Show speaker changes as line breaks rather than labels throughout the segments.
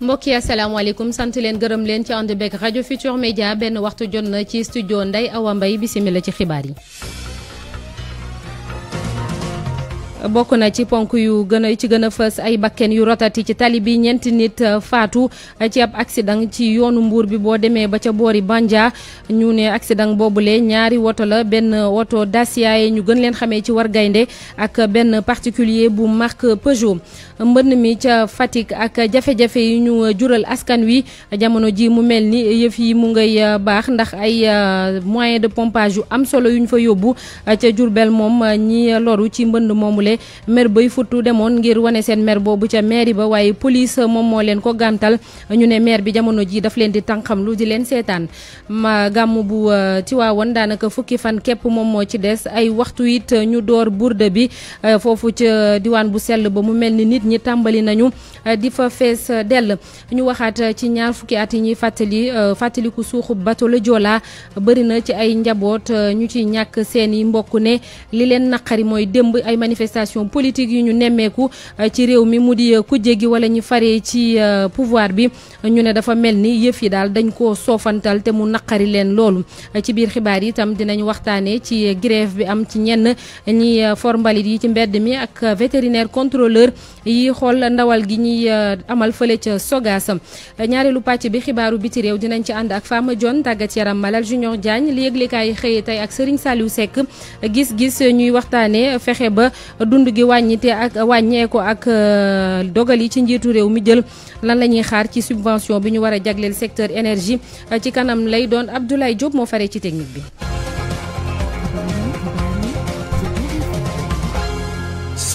mbokk yi asalaamaaleykum sant leen gërëm leen ci ànd beeg rajo Futur Media benn waxtu jot na ci studio Ndeye Awa Mbaye bisimila ci xibaar yi. bokk na ci ponk yu gën a ci gën a fës ay bakken yu rotati ci tali bi ñeenti nit euh, faatu ci ab accident ci yoonu mbuur bi boo demee ba ca boori Bandia ñu ne accident boobule ñaari woto la benn woto Dacia yi ñu gën leen xamee ci war gaynde ak benn particulier bu marque Peugeot mbeun mi ca fatik ak jafe-jafe yi ñu uh, jural askan wi uh, jamono ji mu melni ni uh, yi mu ngay bax ndax ay moyens de pompage yu am solo yuñ fa yobbu ca Diourbel mom ñi loru ci mbënd momulé mer bay futu demone ngir wone sen mer bobu ca maire ba waaye police mom mo len ko gantal ñu ne maire bi jamono ji daf len di lu di len sétan ma gam bu Tiwaawoon danaka fukki fan kep mom mo ci dess ay waxtu it ñu door bourde bi fofu ci diwan bu sel ba mu melni nit ñi tàmbali nañu euh, di fa fees euh, dell ñu waxaat euh, ci ñaar fukki at yi ñuy fàttali fàttaliku suuxu bato la Joola na ci ay njaboot ñu ci ñàkk seen i mbokk ne li leen naqari mooy démb ay manifestation politique yu ñu nemmeeku ci réew mi mu di ku gi wala ñu fare ci pouvoir bi ñu ne dafa mel ni yëf yi daal dañ ko soofantal te mu naqari leen loolu ci biir xibaar yi itam dinañu waxtaane ci grève bi am ci ñenn ñi formbalit yi ci mbedd mi ak vétérinaire contrôleur yi xool ndawal gi ñuy euh, amal fële ca Sogas ñaareelu pàcc bi xibaaru biti réew dinañ ci ànd ak Fama Dione tàggat yaram Malal Junior Diagne li yëglekaay xëyee tey ak Serigne Saliou sekk gis-gis ñuy waxtaanee fexe ba dund gi wàññite ak wàññee ko ak euh, dogal yi ci njiitu réew mi jël lan la ñuy xaar ci subvention bi ñu war a jagleel secteur énergie ci kanam lay doon Abdoulaye Diop moo fare ci technique bi.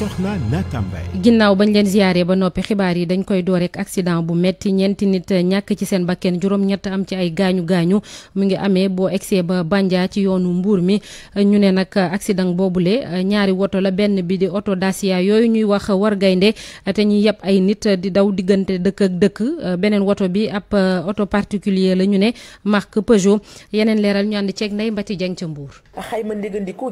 soxna Nata Mbaye
ginnaaw bañ leen ziyaare ba noppi xibaar yi dañ koy door rek accident bu metti ñeenti nit ñàkk ci seen bakken juróom-ñett am ci ay gaañu gaañu mu ngi amee boo egsee ba Bandia ci yoonu mbuur mi ñu ne nag accident boobule ñaari woto la benn bi di oto Dacia yooyu ñuy wax war gaynde te ñu yeb ay nit di daw diggante dëkk ak dëkk beneen woto bi ab uh, oto particulier la ñu ne marque Peugeot yeneen leeral ñu ànd ceeg Ndeye Mbati Dieng ca Mbuur
xayma ndégandikoo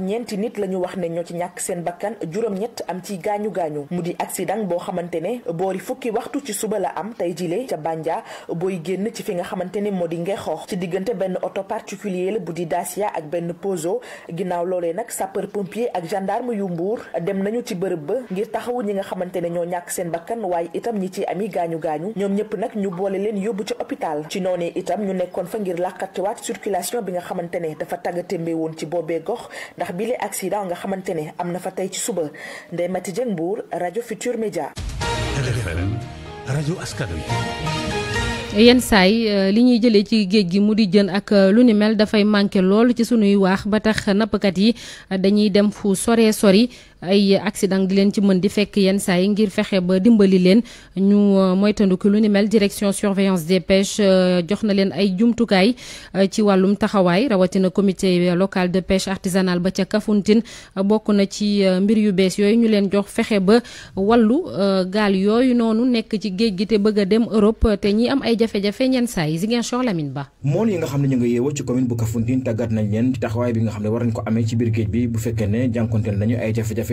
ñenti nit lañu wax ne ñoo ci ñak seen bakkan juroom ñet am ci gañu gañu mu di accident bo xamantene boori fukki waxtu ci suba la am tay jilé ca banja boy génn ci fi nga xamantene ne nge xox ci digënté ben auto particulier le bu dacia ak ben poso ginaaw lolé nak sapeur pompier ak gendarme yu mbour dem nañu ci bërb ba ngir taxawu ñi nga xamantene ne ñoo seen bakkan way itam ñi ci ami gañu gañu ñom ñep nak ñu boole leen yobbu ci hôpital ci noné itam ñu nekkon fa ngir làqatiwaat circulation bi nga xamantene ne dafa tàggatémbee won ci bobé gox ndax ndax accident nga xamante ne am na fa tey ci suba Ndeye Mati Dieng Mbour rajo Futur Média.
yenn saay euh, li ñuy jëlee ci géej gi mu di jën ak euh, lu ni mel dafay manqué lool ci sunuy waax ba tax nappkat yi euh, dañuy dem fu sore sori ay accident di leen ci mën di fekk yenn saa yi ngir fexe ba dimbali leen ñu euh, moytandiku lu ni mel direction surveillance de pêches euh, jox na leen ay jumtukaay euh, ci wàllum taxawaay rawatina comité local de pêche artisanale ba ca Kafountine bokk na ci mbir yu bees yooyu ñu leen jox fexe ba wàllu gaal yooyu noonu nekk ci géej gi te bëgg a dem Europe te ñi am ay jafe-jafe ñenn saa yi Ziguinchor Lamine Ba.
mool yi nga xam ne ñu ngi yeewoo ci commune bu Kafountine tàggat nañ leen ci taxawaay bi nga xam ne war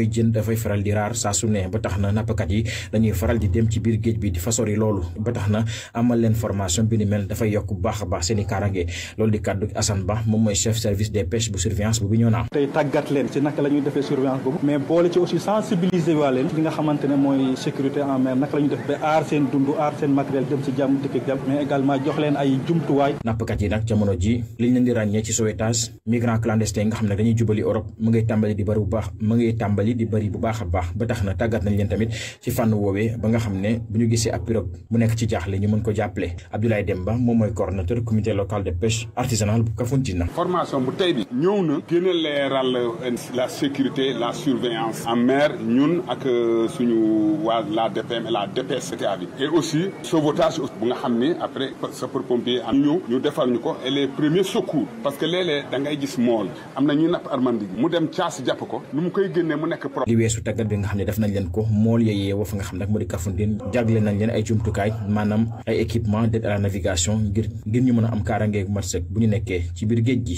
jeun da fay faral di Rar sa su ne ba taxna na nappkat yi dañuy faral di dem ci bir geej bi di fa sori loolu ba taxna amal len formation bi ni mel da fay yok bu baax baax seni karange loolu di kaddu assan Ba mom moy chef service des pêches bu surveillance bu ñona tay tagat len ci nak lañuy defé surveillance bu mais boole ci aussi sensibiliser wa len li nga xamantene moy sécurité en mer nak lañuy def ba ar sen dundu ar sen matériel dem ci jamm dikk jamm mais également jox len ay jumtuwaay. nappkat yi nag jamono ji liñ leen di ràññee ci sauvetage migrant clandestin nga xamne dañuy jubali Europe mu ngay tambali di baru baax mu ngay tambali tàmbali di bari bu baakha baax ba taxna tagat nañ len tamit ci fànn wowe ba nga xamne buñu bu ñu gisee bu ci jaaxle ñu mën ko jappelé Abdoulaye Demba mom moy coordinateur comité local de pêche artisanale bu Kafountine
formation bu tay bi ñëw na gën euh, la sécurité la surveillance en mer ñun ak euh, suñu wa la DPM et la dps et aussi sauvetage bu nga xam après après pour pompier am ñu ñu defal ñuko et les premiers secours parce que lélé da ngay gis
mol amna na nap armandi mu dem caas japp ko nu mu koy mu nekk problème. li weesu tàggat bi nga xam ne def nañ leen ko mool ya yeewoo fa nga xam nag moo di Kafountine jagle nañ leen ay jumtukaay maanaam ay équipement d'aide à la navigation ngir ngir ñu mën a am kaaraangeeg mat bu ñu nekkee ci biir géej gi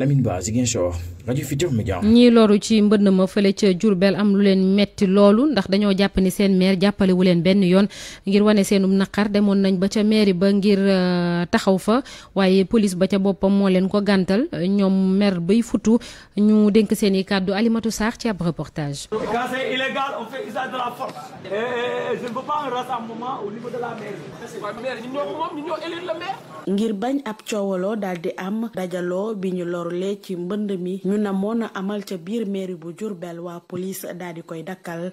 Lamine Ba Ziguinchor rajo Futurs Médias.
ñii loru ci mbënd ma fële ca Diourbel am lu leen metti loolu ndax dañoo jàpp ni seen maire jàppale wu leen benn yoon ngir wane seenum naqar demoon nañ ba ca maire ba ngir euh, taxaw fa waaye police ba ca boppam moo leen ko gàntal ñoom maire bay futu ñu dénk seen i kàddu Alimatu Sarr ci ab reportage.
quand c'est illégal on fait usage de la force. et je ne veux pas un rassemblement au niveau de la mairie. maire ñun ñoo
ko moom ñun ñoo élire le maire.
ngir bañ ab coowaloo daal am dajalo bi lo. doorle ci mbënd mi ñu na moon a ca biir mairie bu Diourbel waa police daal di koy dakkal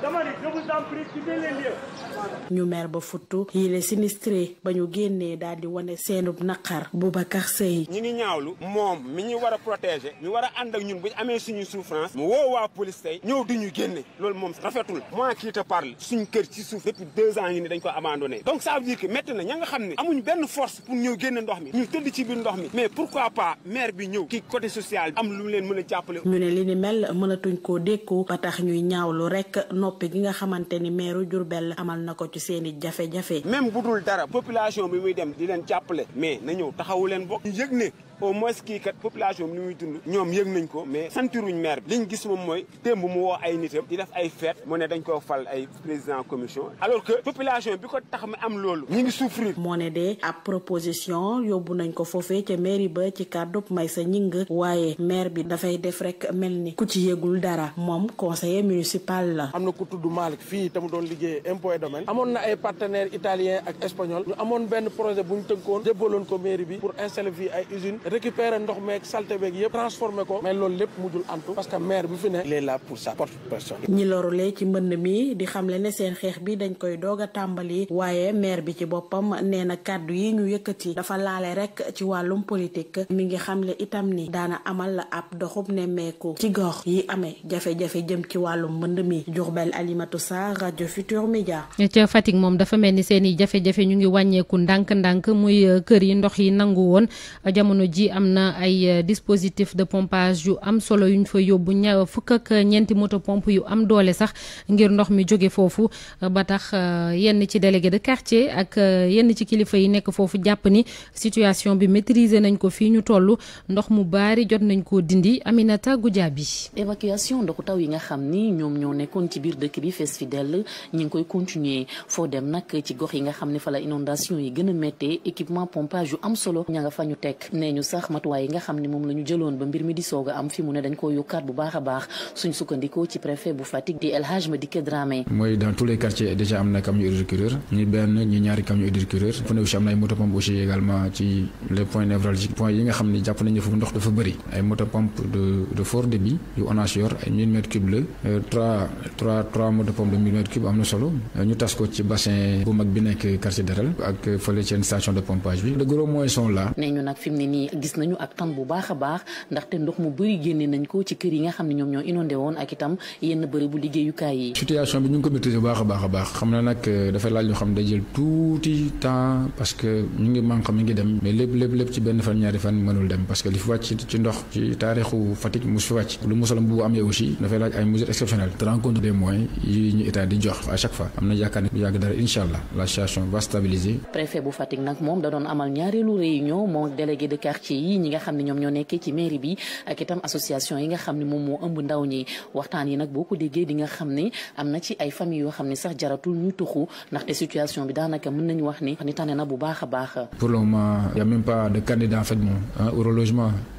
ñu mer ba futtu yile sinistré ba ñu génnee daal di wane seenub naqar Boubacar Seye
ñi ngi ñaawlu moom mi ñu war a protéger ñu war a ànd ak ñun bu amee suñu souffrance mu waa police tey ñëw di ñu génne loolu moom rafetul moi qui te parle suñ kër ci suuf depuis deux ans yi ni dañ ko abandonné donc ça veut dire que métti ña nga xam ne amuñ benn force pour ñëw génne ndox mi ñu tëdd ci biir ndox mi mais pourquoi pas maire bi ñëw ki ko côté social
am lu leen mën a jàppale. ñu ne li ni mel mënatuñ koo dékku ba tax ñuy ñaawlu rek noppi gi nga xamante ni meeru bell amal na ko ci seen i jafe-jafe. même bu dul dara population bi muy
dem di leen jàppale mais na ñëw taxawu leen bokk. ñu ne au moins ce kii kat population bi ni muy dund ñoom yëg nañ ko mais santuruñ maire bi liñ gis moom mooy démb mu woo ay nitam di def ay fête mu ne dañ koo fal ay président commission alors que population bi ko tax mi am loolu
ñi souffrir moo ne de ab proposition yóbbu nañ ko foofee ca mairie ba ci kàddu may sa ñing waaye maire bi dafay def rek melni ni ku ci yëgul dara moom conseiller municipal la am na ku tudd Malick fii te mu doon impôt et domaine amoon na ay partenaires italiens ak espagnol ñu ben projet
bu ñu tënkoon jébbaloon ko mairie bi pour installer vie ay usine récupérer ndox meeg salte beeg yëpp transformer ko mais loolu lépp mujjul antu parce que maire bi fi ne il est sa porte personne
ñi lorulee ci mbënn mi di xamle ne seen xeex bi dañ koy doog a tàmbali waaye maire bi ci boppam nee na kàddu yi ñu yëkkati dafa laale rek ci wàllum politique mi ngi xamle itam ni daana amal la ab doxub nemmeeku ci gox yi amee jafe-jafe jëm ci wàllum mbënd mi Diourbel Alimatou sa rajo Futur Media.
ca Fatick moom dafa mel ni seen i jafe-jafe ñu ngi wàññeeku ndànk-ndànk muy euh, kër yi ndox yi nangu di amna ay euh, dispositif de pompage yu am solo yuñ fa yobbu ña euh, fukk ak euh, ñenti moto pompe yu am doole sax ngir ndox mi jóge fofu ba tax yenn ci délégué de quartier ak yenn ci kilifa yi nekk fofu japp ni situation bi maîtriser nañ ko fi ñu tollu ndox mu bari jot nañ ko dindi Aminata Goudiaby
évacuation ndoxu taw yi nga xam ni ñoom ñoo nekkoon ci biir dëkk bi fees fidèle ñi ngi koy continuer foo dem nak ci gox yi nga xam ne inondation yi gën a équipement pompage yu am solo ña nga fa ñu teg sax matuwaay yi nga xam ne moom la ñu jëloon ba mbir mi di soog a am fi ne dañ koo yokkaat bu baax a baax suñ sukkandikoo ci préfet bu Fatick di El Hadj Madické Dramé
mooy dans tous les quartiers déjà am na camion hydrocureur ñi moto pompe de fort débit yu ONAS ay 1000 mètres cubes la euh, trois trois moto pompe de 1000 mètres cubes am na solo euh, ñu tas ko ci bassin bu mag bi nekk quartier Darel ak fële seen station de pompage bi de gros moyens sont
gis nañu ak tan bu baax a baax ndaxte ndox mu bëri génne nañ ko ci kër yi nga xam ne ñoom ñoo inondé woon ak itam yenn bëri bu liggéeyukaay yi.
situation bi ñu ngi ko maîtriser baax a baax a baax xam na nag euh, dafa laaj ñoo xam day dafay laaj ay mesures exceptionnelles te rencontre des yi ñu état di jox à chaque fois am na yaakaar ne bu yàgg dara incha allah la situation va stabiliser.
préfet bu Fatick nag moom da doon amal ñaareelu réunion moom délégué de ci yi ñi nga xam ne ñoom ñoo nekkee ci mairie bi ak itam association yi nga xam ne moom moo ëmb ndaw ñi waxtaan yi nag boo ko déggee di nga xam ne am na ci ay famille yoo xam ne sax jaratul ñu tuxu ndaxte situation bi daanaka mën nañu wax ni ni tane na bu baax a baax.
pour le moment y a même pas de candidat en fait moom au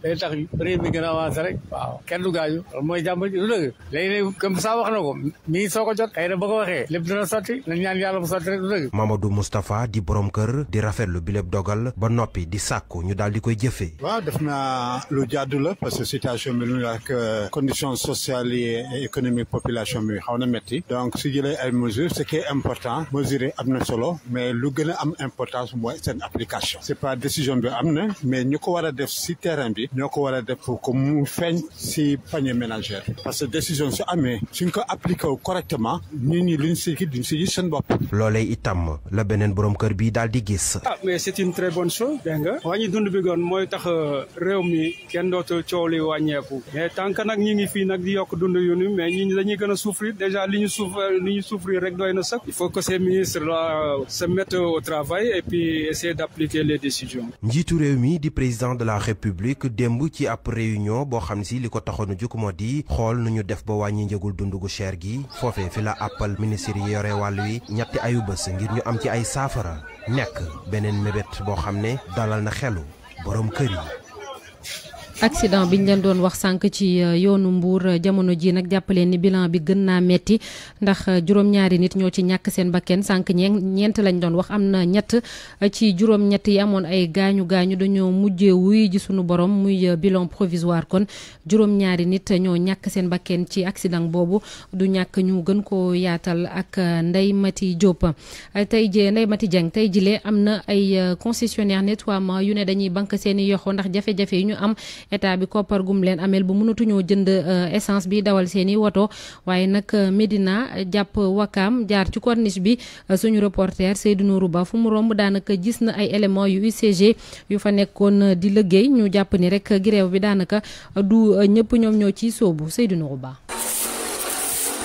day tax
Mamadou di borom di dogal ba di
ñu parce que situation euh, conditions sociales et économique population bi xaw na donc su jëlee ce qui est important Mesurer solo mais lu am importance mooy application c'est pas décision de amener, mais nous ko ñoo ko war a def ko mu feeñ si panier ménagère parce que décision su amee suñ ko appliqué wu correctement
ñii ñi luñ si duñ si gis seen bopp. loolee itam la beneen borom kër bi daal di gis.
ah mais c'est une très bonne chose dégg nga wàññi dund bi goon mooy tax euh, réew mi kenn dootul coow li wàññeeku mais tant que nag ñi ngi fii nag di yokk dund yu mais ñi dañuy gën a souffrir déjà li ñu souffrir euh, li ñu souffrir rek doy na sax il faut que ces ministres là euh, se mettent au travail et puis essayer d'appliquer les décisions.
njiitu réew mi di président de la république. démb ci ab réunion boo xam si li ko taxoon a jóg moo di xool nu ñu def ba wàññi njëgul dund gu cher gi foofee fi la appal ministre yi yore wàll wi ñetti ayu bés ngir ñu am ci ay saafara nekk beneen mébét boo xam ne dalal na xelu boroom kër yi.
bi ñu leen doon wax sànq ci euh, yoonu Mbour euh, jamono ji nag jàppaleen ni bilan bi gën naa metti ndax euh, juróom-ñaari nit ñoo ci ñàkk seen bakken sànq ñeent ñeent lañ doon wax am na ñett ci juróom-ñett yi amoon ay gaañu gaañu dañoo mujjee wuy ji sunu borom muy bilan provisoire kon juróom-ñaari nit ñoo ñàkk seen bakken ci accident boobu du ñàkk ñu gën ko yaatal ak Ndeye Mati Diop tey jii Ndeye Mati Dieng tey jilee am na ay concessionnaire nettoiement yu ne dañuy banque seen i ndax jafe-jafe ñu am état bi koppar gum leen ameel bu mënatuñoo jënd euh, essence bi dawal seeni woto waaye nag euh, Medina jàpp Wakaam jaar ci corniche bi euh, suñu reporter Seydou Nourou Ba fu mu romb daanaka gis na ay éléments yu UCG yu fa nekkoon di liggéey ñu jàpp ni rek grève bi daanaka du ñëpp ñoom ñoo ciy sóobu Seydou Nourou Ba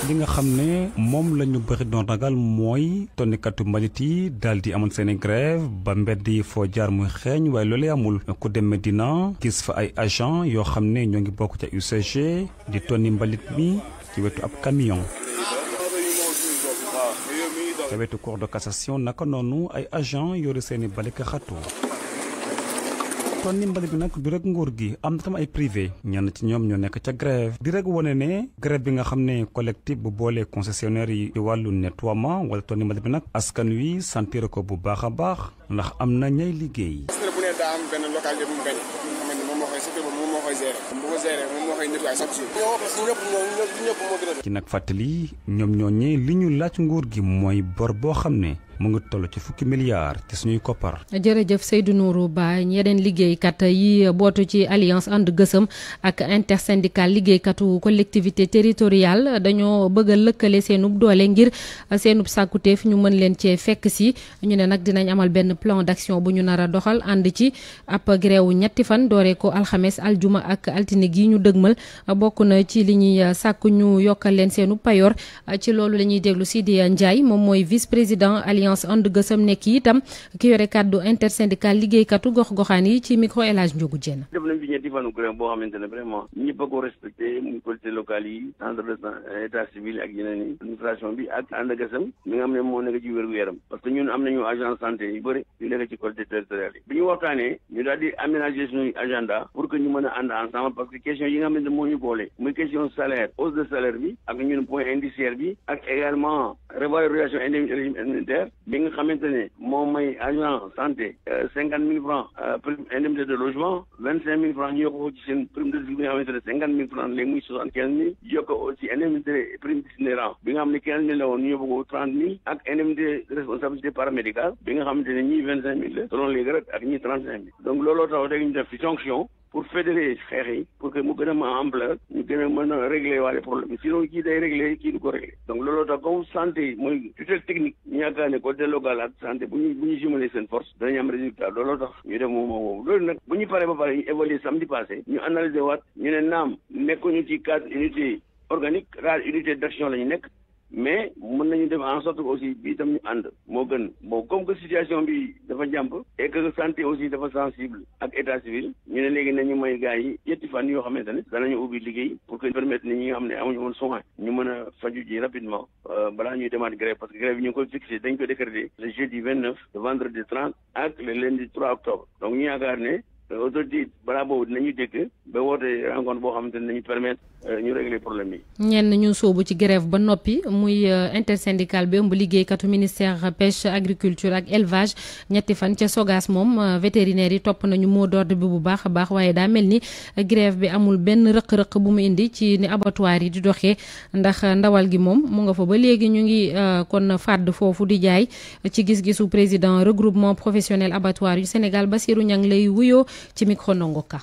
li nga xam ne
moom lañu ñu bëri doon ragal mooy tonikatu mbalit yi daal di amal seen i ba mbedd yi foo jaar muy xeeñ waaye loolee amul ku dem Medina gis fa ay agent yoo xam ne ñoo ngi bokk ca UCG di tonni mbalit mi ci wetu ab camion ca wetu de cassation naka noonu ay agent yore seen i kon ndimbal bi nag du rek nguur gi am na tam ay privé ñenn ci ñoom ñoo nekk ca grève di rek wane ne grève bi nga xam ne collectif bu boolee concessionnaire yi ci wàllu nettoiement wala ton ndimbal bi nag askan wi sentir ko bu baax a baax ndax am na ñay liggéey daa ci nag fàttali ñoom ñoo ñee li ñu laaj nguur gi mooy bor boo xam ne mu ngi toll ci fukki milliards ci suñuy koppar.
jërëjëf Seydou Nourou Ba yeneen liggéeykat yi bootu ci alliance and gësëm ak intersyndical liggéeykatu collectivité territoriale dañoo bëgg a lëkkale seenub doole ngir seenub sàkkuteef ñu mën leen cee fekk si ñu ne nag dinañ amal benn plan d'action bu ñu nar a doxal ànd ci ab gréewu ñetti fan doore ko alxames aljuma ak altine gi ñu dëgmal bokk na ci li ñuy sàkk ñu yokkal leen seenu payor ci loolu la ñuy déglu Sidiya Ndiaye moom mooy vice président alliance alliance And Gësëm nekk itam ki yore kàddu intersyndical liggéeykatu gox-goxaan yi ci micro El Hadj Ndiogou Diène
def nañ fi ñetti fanu grève boo xamante ne vraiment ñëpp a ko respecté yeneen yi bi ak And nga xam ne moo nekk ci wér gu parce que ñun am nañu agence santé yu bëri yu nekk ci collectivités territoriales yi bi ñu waxtaanee ñu daal di aménager suñu agenda pour que ñu mën a ànd ensemble parce que question yi nga xamante ne moo ñu boole muy question salaire hausse de salaire bi ak ñun point indiciaire bi nga xamante ne moom may agent santé euh, cinquante mille francs euh, prime indemnité de logement vingt cinq mille francs ñu yokk ko ci seen prime de risque bi nga xamante ne cinquante mille francs léegi muy soixante quinze mille yokk ko aussi indemnité prime de d'itinérance bi nga xam ne quinze mille la woon ñu yóbbu ko trente mille ak indemnité responsabilité paramédicale bi nga xamante ne ñii vingt cinq mille la selon les grades ak ñii trente cinq mille donc looloo tax léegi ñu def fi sanction pour fédérer xeex pour que mu gëna ma ampleur ñu gëna a mën a régler waale problème sinon kii day régler kii du ko régler donc looloo tax comme santé mooy tutelle technique ñu ne ko local ak santé bu ñu bu ñu jumelé seen force danañ am résultat looloo tax ñu def moom woowu loolu nag bu ñu paree ba pare ñu évaluer samedi passé ñu analyser waat ñu ne naam nekkuñu ci cadre unité organique rare unité d'action la ñu nekk mais mën nañu def en sorte aussi bi tam ñu ànd moo gën bon comme que situation bi dafa jàmp et que santé aussi dafa sensible ak état civil ñu ne léegi nañu may gars yi yetti fan yoo xamante ne danañu ubbi liggéey pour que permettre ni ñi nga xam ne amuñu woon soin ñu mën a faju ji rapidement euh, balaa ñuy demaat grève parce que grève yi ñu ngi koy fixé dañ ko décrété le jeudi 29 neuf le vendredi 30 ak le lundi 3 octobre donc ñu yaakaar ne euh, autorité balaa nañu dégg ba woote rencontre boo xamante ne nañu permettre euh, ñu régler problème yi.
ñenn ñu soobu ci grève ba noppi muy euh, intersyndical bi ëmb liggéeykatu ministère pêche agriculture ak élevage ñetti fan ca Sogas moom vétérinaire yi topp nañu mot d'ordre bi bu baax a baax waaye daa mel ni grève bi amul benn rëq-rëq bu mu indi ci ni abattoir yi di doxee ndax ndawal gi moom mu nga fa ba léegi ñu ngi kon fàdd foofu di jaay ci gis-gisu président regroupement professionnel abattoir yu Sénégal Bassirou Niang lay wuyoo. cy'imikono ngoka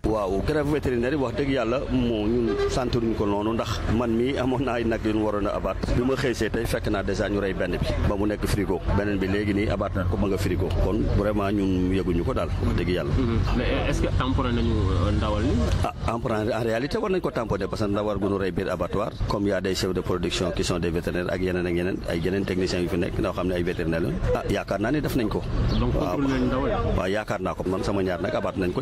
waaw grève vétérinaire wax dëgg yàlla moo ñun santuruñ ko noonu ndax man mi amoon naa nag yu waroon abaat bi ma xëy see tey fekk naa dèjà ñu rey benn bi ba mu nekk frigo beneen bi léegi nii abaat ko ba nga frigo kon vraiment ñun yëguñu ko daal wax dëgg yàlla
mm-hmm. mais est-ce euh, ah,
en réalité war nañ ko tamponné parce que ndawal gu ñu rey biir abattoir comme y a des de production qui sont des ak yeneen ak yeneen ay yeneen techniciens yu la ah yaakaar naa ne def nañ ko waaw yaakaar naa ko man sama ñaar nag abaat nañ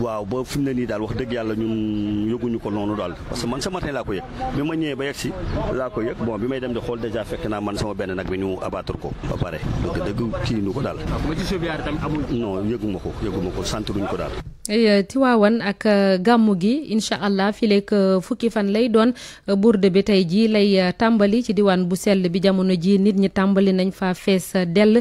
waaw ba fi mu ne nii daal wax dëgg yàlla ñun yëguñu ko noonu daal parce que man ce matin laa ko yëg bi ma ñëwee ba yegg si laa ko yëg bon bi may dem di xool dèjà fekk naa man sama benn nag bi ñu abattre ko ba pare dëgg dëgg kii nu ko daal non yëgu ma ko yëgu ma ko sant ruñ ko daal
Eh, Tiwaawan ak eh, gàmmu gi incha allah fileek eh, fukki fan lay doon bourde bi tey jii lay tàmbali ci diwaan bu sell bi jamono ji nit ñi tàmbali nañ fa fees dell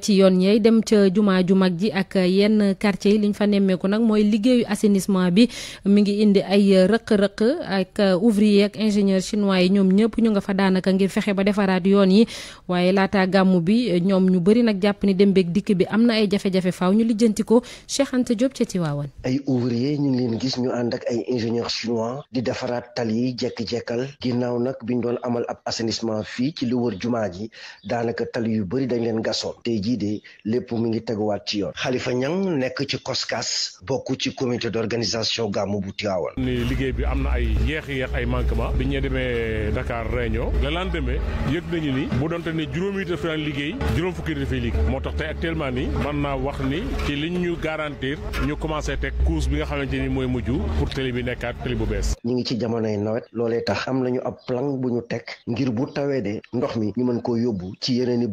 ci yoon yey dem ca jumaa ju mag ji ak yenn quartier yi li ñu fa nemmeeku nag mooy liggéeyu assainissement bi mi ngi indi ay rëq-rëq ak ouvrier ak ingénieur chinois yi ñoom ñëpp ñu nga fa daanaka ngir fexe ba defaraat yoon yi waaye laata gàmmu bi ñoom ñu bëri nag jàpp ni dem beeg dikk bi am na ay jafe faaw ñu lijjanti ko Cheikh Anta Diop Tivaouane
ay ouvrier ñu ngi leen gis ñu ànd ak ay ingénieur chinois di defaraat tali yi jekk-jekkal ginnaaw nag biñ doon amal ab assainissement fii ci li wër jumaa ji daanaka tali yu bari dañ leen gasoon tey jii de lépp mi ngi teguwaat ci yoon xalifa ñang nekk ci koskas bokk ci comité d'organisation gàmmu bu Tivaouane ni liggéey bi am na ay yeex-yeex ay manquement bi ñu demee Dakar réunion
le lendemain yëg nañu ni bu doonte ne juróomi daf daan liggéey juróom fukki dafay liggéey moo tax tey actuellement nii mën naa wax ni ci liñ ñu garantir ñu commencé seete course bi nga xamante ni mooy mujj
pour télé bi nekkaat télé bu ñi ngi ci nawet loolee tax am nañu ab plan bu ñu teg ngir bu tawee de ndox mi ñu mën koo yóbbu ci ba du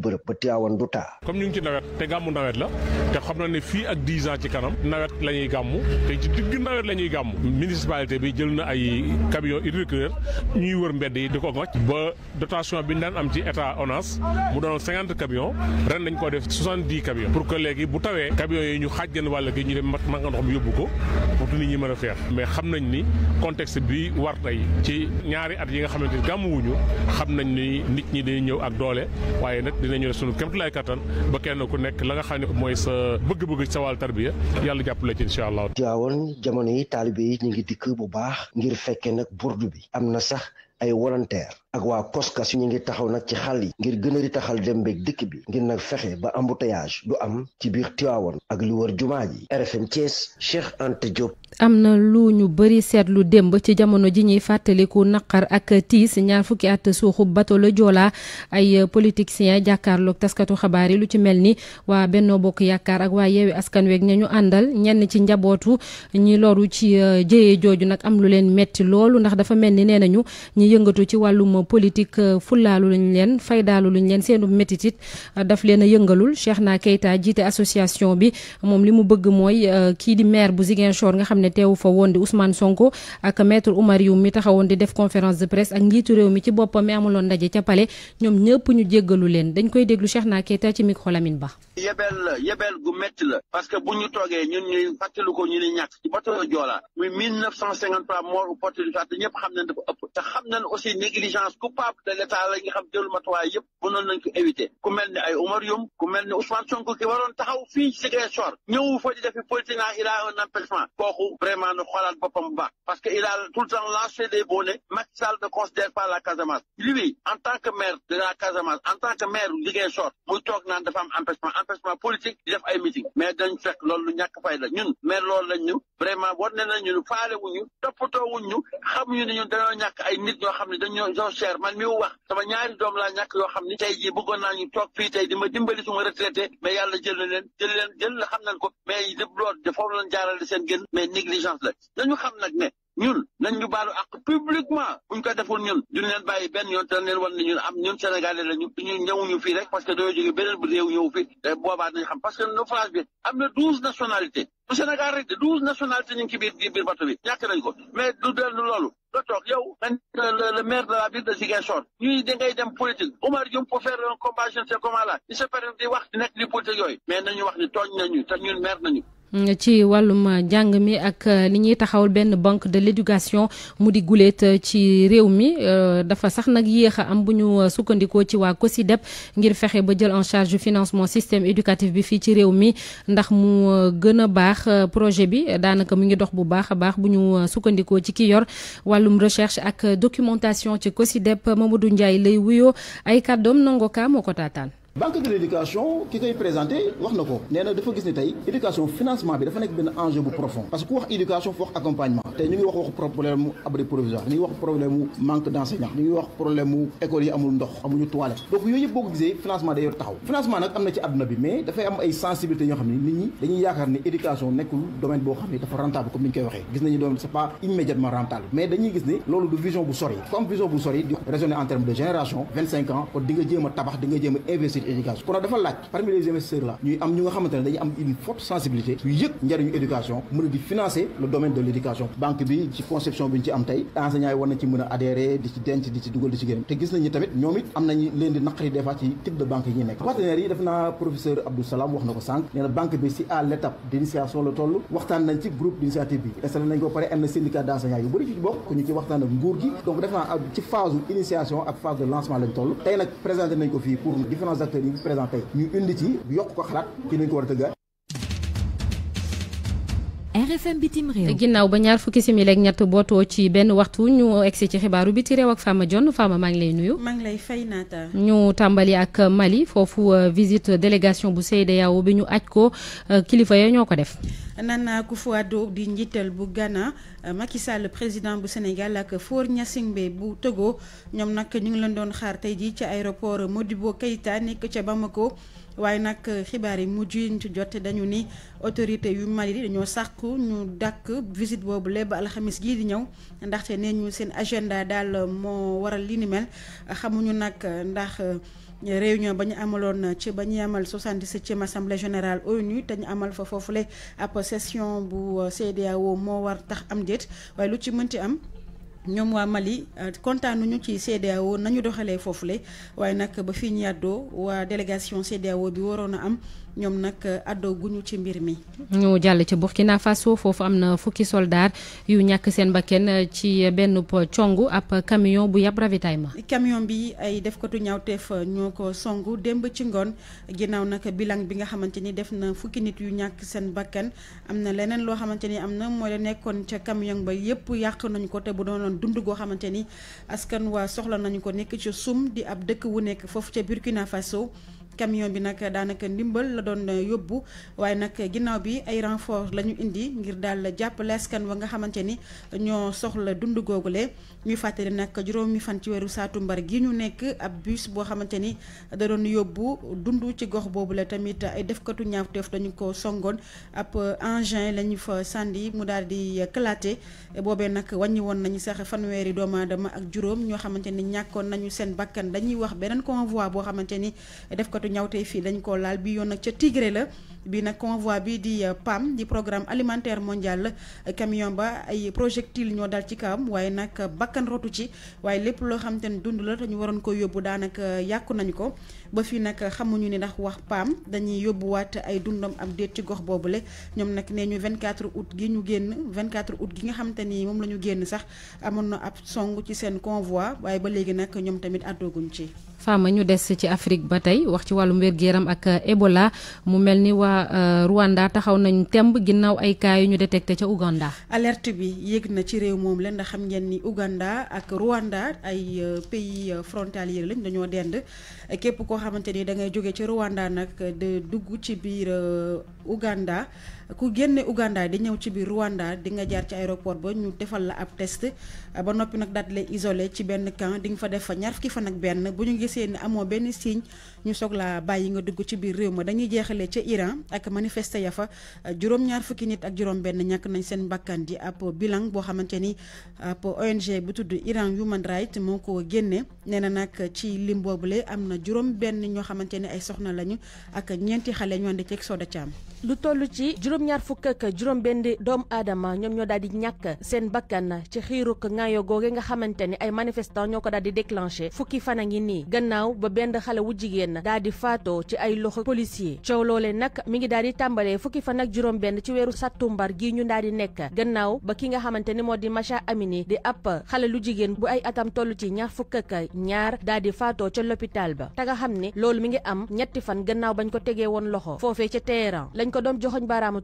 comme ñu ngi ci nawet te gàmmu nawet la te xam na ne ak 10 ans ci kanam nawet la gamu, gàmmu ci digg nawet la gamu. municipalité bi jël na ay camion hydrocureur ñuy wër yi ba dotation bi daan am ci état ONAS mu doon 50 camions ren dañ ko def 70 camions pour que léegi bu tawee camions yi ñu gi ñu dem mat nga ndox yóbbu ko pour nit ñi mën a xeex mais xam nañ ni contexte bi war tey ci ñaari at yi nga xamante ni gàmmuwuñu xam nañ ni nit ñi dañuy ñëw ak doole waaye nag dinañu def sunu kéemtulaay kattan ba kenn ku nekk la nga xam ne mooy sa bëgg-bëgg sa wàll tarbiya yàlla jàppale ci incha allah.
jaawoon jamono yi taalibe yi ñu ngi dikk bu baax ngir fekkee nag burdu bi am na sax ay volontaire ak waa koskas ñu ngi taxaw nag ci xal yi ngir gën a ritaxal dem beeg dikk bi ngir nag fexe ba embouteillage du am ci biir Tivaouane ak li wër jumaa ji RFM Thiès Cheikh
am na lu ñu bëri seetlu démb ci jamono ji ñuy fàttaliku naqar ak tiis ñaar fukki at suuxu bato la Joola ay politiciens jàkkaarloog taskatu xabaar yi lu ci mel ni waa Benno Bokk Yaakaar ak waa Yewwi Askan Wi ña ñu àndal ñenn ci njabootu ñi loru ci euh, jëyee jooju nag am lu leen metti politique euh, fullaalu luñ len faydaalu luñ len senu metitit euh, daf leena a Cheikhna Keita jiite association bi mom limu bëgg moy euh, ki di maire bu Ziguinchor nga xamné ne teewu fa woon di Ousmane Sonko ak maître Oumar Youm mi taxawoon di def conférence de presse ak njiitu rew mi ci bopam mi amuloon ndaje ca Palais ñom ñepp ñu jéggalu len dañ koy dégglu Cheikhna Keita ci micro Lamine Ba.
yebel la gu metti la parce que buñu togué ñun ñuy fàttaliku ko ñu ni ñàkk ci bato Joola muy 1953 mort au porte du ñëpp xam nañ dafa ëpp te xam nañ aussi négligence incompétence coupable de l'état la nga xam jëlu matuwaay yëpp mënoon nañ ko éviter ku melni ay Omar Youm ku melni Ousmane Sonko ki waron taxaw fi fii Ziguinchor ñewu fa di defi politique ila un empêchement kokku vraiment nu xolal bopam bu baax parce que il a tout le temps lancé des bonnets Macky Sall ne considère pas la Casamance lui en tant que maire de la Casamance en tant que maire Ziguinchor muy tok naan dafa am empêchement empêchement politique di def ay meeting mais dañ fekk loolu lu ñàkk fay la ñun mais loolu lañ ñu vraiment war ne ñu faalé wuñu toppatoo wuñu xamuñu ne ñun dañu ñak ay nit ñoo xamni dañu cher man mi wax sama ñaari doom laa ñàkk yoo xam ni tey jii bëggoon naa ñu toog fii tey di ma dimbali suma retraité mais yàlla jël na leen jël leen jël la xam nañ ko mais lépp lool de foofu lañ jaarale seen gën mais négligence la dañu xam nag ne ñun nañ ñu baalu ak publiquement buñ ko deful ñun duñ leen bàyyi benn yoon te leen wan ne ñun am ñun sénégalais la ñu ñu ñëwuñu fii rek parce que dañoo jóge beneen bu réew ñëw fii te boobaa dañ xam parce que naufrage bi am na douze nationalités du Sénégal douze nationalités ñu ngi ci bato bi ñàkk ko mais du dellu loolu nga toog yow le le maire de la ville de Ziguinchor ñuy da ngay dem politique Oumar pour faire un combat je ne sais se permet di wax di nekk politique yooyu mais nañu wax ni tooñ nañu
te ñun maire nañu ci walum jàng mi ak li euh, ñuy benn banque de l'éducation mu di guléet euh, ci réew mi euh, dafa sax nag yéex a am bu ñu sukkandikoo ci waa deb ngir fexe ba jël en charge financement système éducatif bi fii ci réew mi ndax mu gën a baax projet bi daanaka mu ngi dox bu baax a baax bu ñu ci ki yor wàllum recherche ak documentation ci deb Mamadou Ndiaye lay wuyoo ay kàddoom nongo kaa moo ko
banque de l' qui ki présenté wax na ko nee dafa gis ni tay éducation financement bi dafa nek ben enjeu bu profond parce que wax éducation faut accompagnement tay ñu ngi wax wax problème abri provisoire ñu wax problème manque d'enseignants enseignant ñu wax problème école yi amul ndox amuñu toilette donc yoyep boko boo financement day yor taxaw financement nak amna ci aduna bi mais fay am ay sensibilité ñoo xamni nit ñi dañuy yaakaar ni éducation nekul domaine bo xamni dafa rentable comme ni ñu koy waxee gis nañu doon c'est pas immédiatement rentable mais dañuy gis ni lolu du vision bu sori comme vision bu sori di raisonner en termes de génération 25 ans pour di nga jéem tabax di nga investir éducation kon dafa laaj parmi les investisseurs là ñuy am ñu nga xamantene dañuy am une forte sensibilité yu yëg njariñu éducation mën di financer le domaine de l'éducation banque bi ci conception bi ñu ci am tay enseignants yi war nañ ci mën a adhérer di ci denc di ci dugal di ci génn te gis nañu tamit ñoom it am nañu leen di naqari des fois ci type de banque yi ñuy nekk partenaires yi def naa professeur Abdou Salam wax na ko sànq nee na banque bi si à l' étape d' initiation la toll waxtaan nañ ci groupe d' initiative bi installé nañ ko pare am na syndicat d' enseignants yu bëri ci bokk ñu ci waxtaan ak nguur gi donc def naa ci phase initiation ak phase de lancement lañ toll tey nag présenté nañ ko fii pour différents acteurs présenter présenter. Nous, indi ci
RFM bitim réew. ginnaaw ba ñaar fukki simili ak ñett bootoo ci benn waxtu ñu egsi ci xibaaru biti réew ak Fama Dione Fama maa ngi lay nuyu. maa ngi
lay fay naata.
ñu tàmbali ak Mali foofu euh, visite délégation bu CEDEAO bi ñu aj ko euh, kilifa ya ñoo ko def.
Nana akufo do di njiital bu Ghana euh, Macky Sall président bu Sénégal ak Faure Gnassingbé bu Togo ñoom nag ñu ngi leen doon xaar tey jii ca aéroport Modibo Keïta nekk ca bama ko waye nak xibaar yi mujj ci jot dañu ni autorité yu Mali dañu sàkku ñu dak visite bobu leb alhamis gi di ñëw ndaxte nee ñu seen agenda daal mo waral li ni mel xamuñu nak ndax. réunion bañu amalon ci bañu ñuy amal 77e assemblée générale ONU te amal fa foofule ab session bu CDAO e mo war tax am déet waye lu ci mënti am. ñoom waa Mali euh, kontaanuñu ci CEDEAO nañu doxalee foofu foofule waaye nag ba fii ñu yàddoo waa délégation CEDEAO bi waroon a am. ñoom nag euh, àddoo guñu ci mbir mi.
ñu jàll ci Burkina Faso foofu am na fukki soldaar yu ñàkk seen bakken euh, ci benn congu ab camion bu yab ravitaillement.
camion bi ay defkatu ñaawteef euh, ñoo ko songu démb ci ngoon ginnaaw nag bilang bi nga xamante ni def na fukki nit yu ñàkk seen bakken am na leneen loo xamante ni am na mooy la nekkoon ca camion ba yépp yàq nañu ko te bu doonoon dund goo xamante ni askan waa soxla nañu ko nekk ci Soum di ab dëkk wu nekk foofu ca Burkina Faso. camion bi nag daanaka ndimbal la doon yóbbu waaye nag ginnaaw bi ay renfort la ñu indi ngir daal jàppale askan wa nga xamante ni ñoo soxla dund googule ñuy fàttali nag juróomi fan ci weeru saatumbar gi ñu nekk ab bus boo xamante ni da yóbbu dund ci gox boobu la tamit ay defkatu ñaawteef dañu ko songoon ab engin la ñu fa sànni mu daal di éclaté boobee nag wàññi woon nañu sax fanweeri doomu aadama ak juróom ñoo xamante ni ñàkkoon nañu seen bakkan dañuy wax beneen convoi boo xamante ni defkatu ñawtey fii dañ ko laal bi yoon nag ca Tigré la bi nag convoi bi di euh, PAM di programme alimentaire mondial camion ba ay projectile ñoo dal ci kawam waaye nag bakkan rotu ci waaye lépp loo xam te ne dund la te ñu waroon ko yóbbu daanaka euh, yàqu nañu ko ba fii nag xamuñu ni ndax wax PAM dañuy yóbbuwaat ay dundam ab déet ci gox boobule ñoom nag nee ñu quatre août gi ñu génn 24 août gi nga xam te ni moom lañu génn sax amoon na ab song ci seen convoi waaye ba léegi nag ñoom tamit àddooguñ
ci. Fama ñu des ci Afrique ba tey wax waa euh, Rwanda taxaw nañu temb ginnaaw ay cas yu ñu détecté ca Ouganda.
alerte bi yéeg na ci réew moom la ndax xam ngeen ni Ouganda ak Rwanda ay euh, pays euh, frontalier lañ dañoo dend képp koo xamante ni da ngay jóge ci Rwanda nag dugg ci biir Ouganda. ku génne Ouganda di ñëw ci biir Rwanda di nga jaar ci aéroport ba ñu defal la ab test ba noppi nag daal lay isolé ci benn camp di nga fa def fa ñaar fukki fan ak benn bu ñu gisee ne amoo benn signe ñu soog la bàyyi nga dugg ci biir réew ma dañuy jeexale ci Iran ak manifesté ya fa juróom-ñaar fukki nit ak juróom-benn ñàkk nañ seen mbàkkan di ab bilan boo xamante ni ab ONG bu tudd Iran Human Rights moo ko génne nee na nag ci lim am na juróom-benn ñoo xamante ni ay soxna lañu ak ñeenti xale ñoo andi ceeg Soda ci juróom juróom-ñaar fukk ak juróom-benn doomu aadama ñoom ñoo daal di ñàkk seen
bakkan ci xiiruk ŋaayoo googe nga xamante ni ay manifestant ñoo ko daal di déclenché fukki fan a ngi nii gannaaw ba benn xale wu jigéen daal di faatoo ci ay loxo policier coow loole nag mi ngi daal di tàmbalee fukki fan ak juróom-benn ci weeru sàttumbar gi ñu daal di nekk gannaaw ba ki nga xamante ni moo di Macha Amini di ab xale lu jigéen bu ay atam toll ci ñaar fukk ñaar daal di faatoo ca l'hôpital ba te xam ne loolu mi ngi am ñetti fan gannaaw bañ ko tegee woon loxo foofee ca lañ ko doon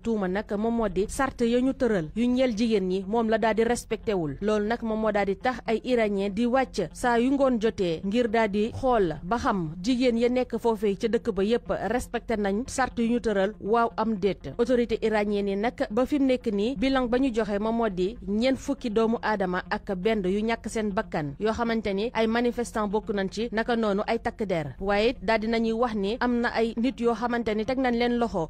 tuuma nag moom moo di sart ya ñu tëral yu ñeel jigéen ñi moom la daal di respecté wul loolu nag moom moo daal di tax ay iranien di wàcc saa yu ngoon jotee ngir daal di xool ba xam jigéen ya nekk foofee ca dëkk ba yépp respecté nañ sart yu ñu tëral waaw am déet autorité iranienne yi nag ba fi mu nekk nii bilan ba ñu joxee moom moo di ñeent fukki doomu aadama ak benn yu ñàkk seen bakkan yoo xamante ni ay manifestant bokk nañ ci naka noonu ay takk der waaye daal di nañuy wax ni am na ay nit yoo xamante ni teg nañ leen loxo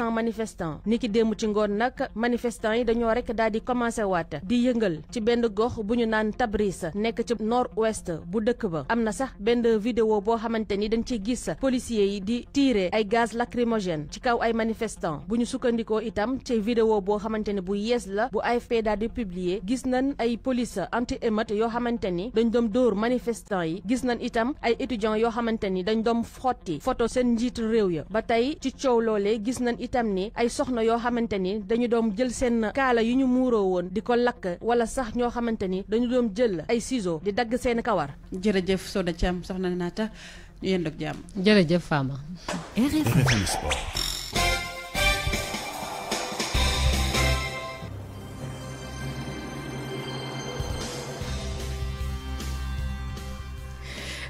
cent manifestants niki démb ci ngoon nag manifestants yi dañoo rek daal di commencé waat di yëngal ci benn gox bu ñu naan Tabris nekk ci nord ouest bu dëkk ba am na sax benn vidéo boo xamante ni dañ ciy gis policiers yi di tiire ay gaz lacrymogène ci kaw ay manifestants bu ñu sukkandikoo itam ci vidéo boo xamante ni bu yees la bu AFP daal di publier gis nañ ay police anti émeute yoo xamante ni dañ doon dóor manifestants yi gis nañ itam ay étudiants yoo xamante ni dañ doon xotti photo seen njiitu réew ya ba tey ci coow loolee gis nañ itam ni ay soxna yoo xamante ni dañu doon jël seen kaala yu ñu muuroo woon di ko lakk wala sax ñoo xamante ni dañu doon jël ay ciseaux di dagg seen kawar. jërëjëf
Soda Thiam soxna Naata ñu yëndoog jàmm.
jërëjëf Fama. RFM Sport.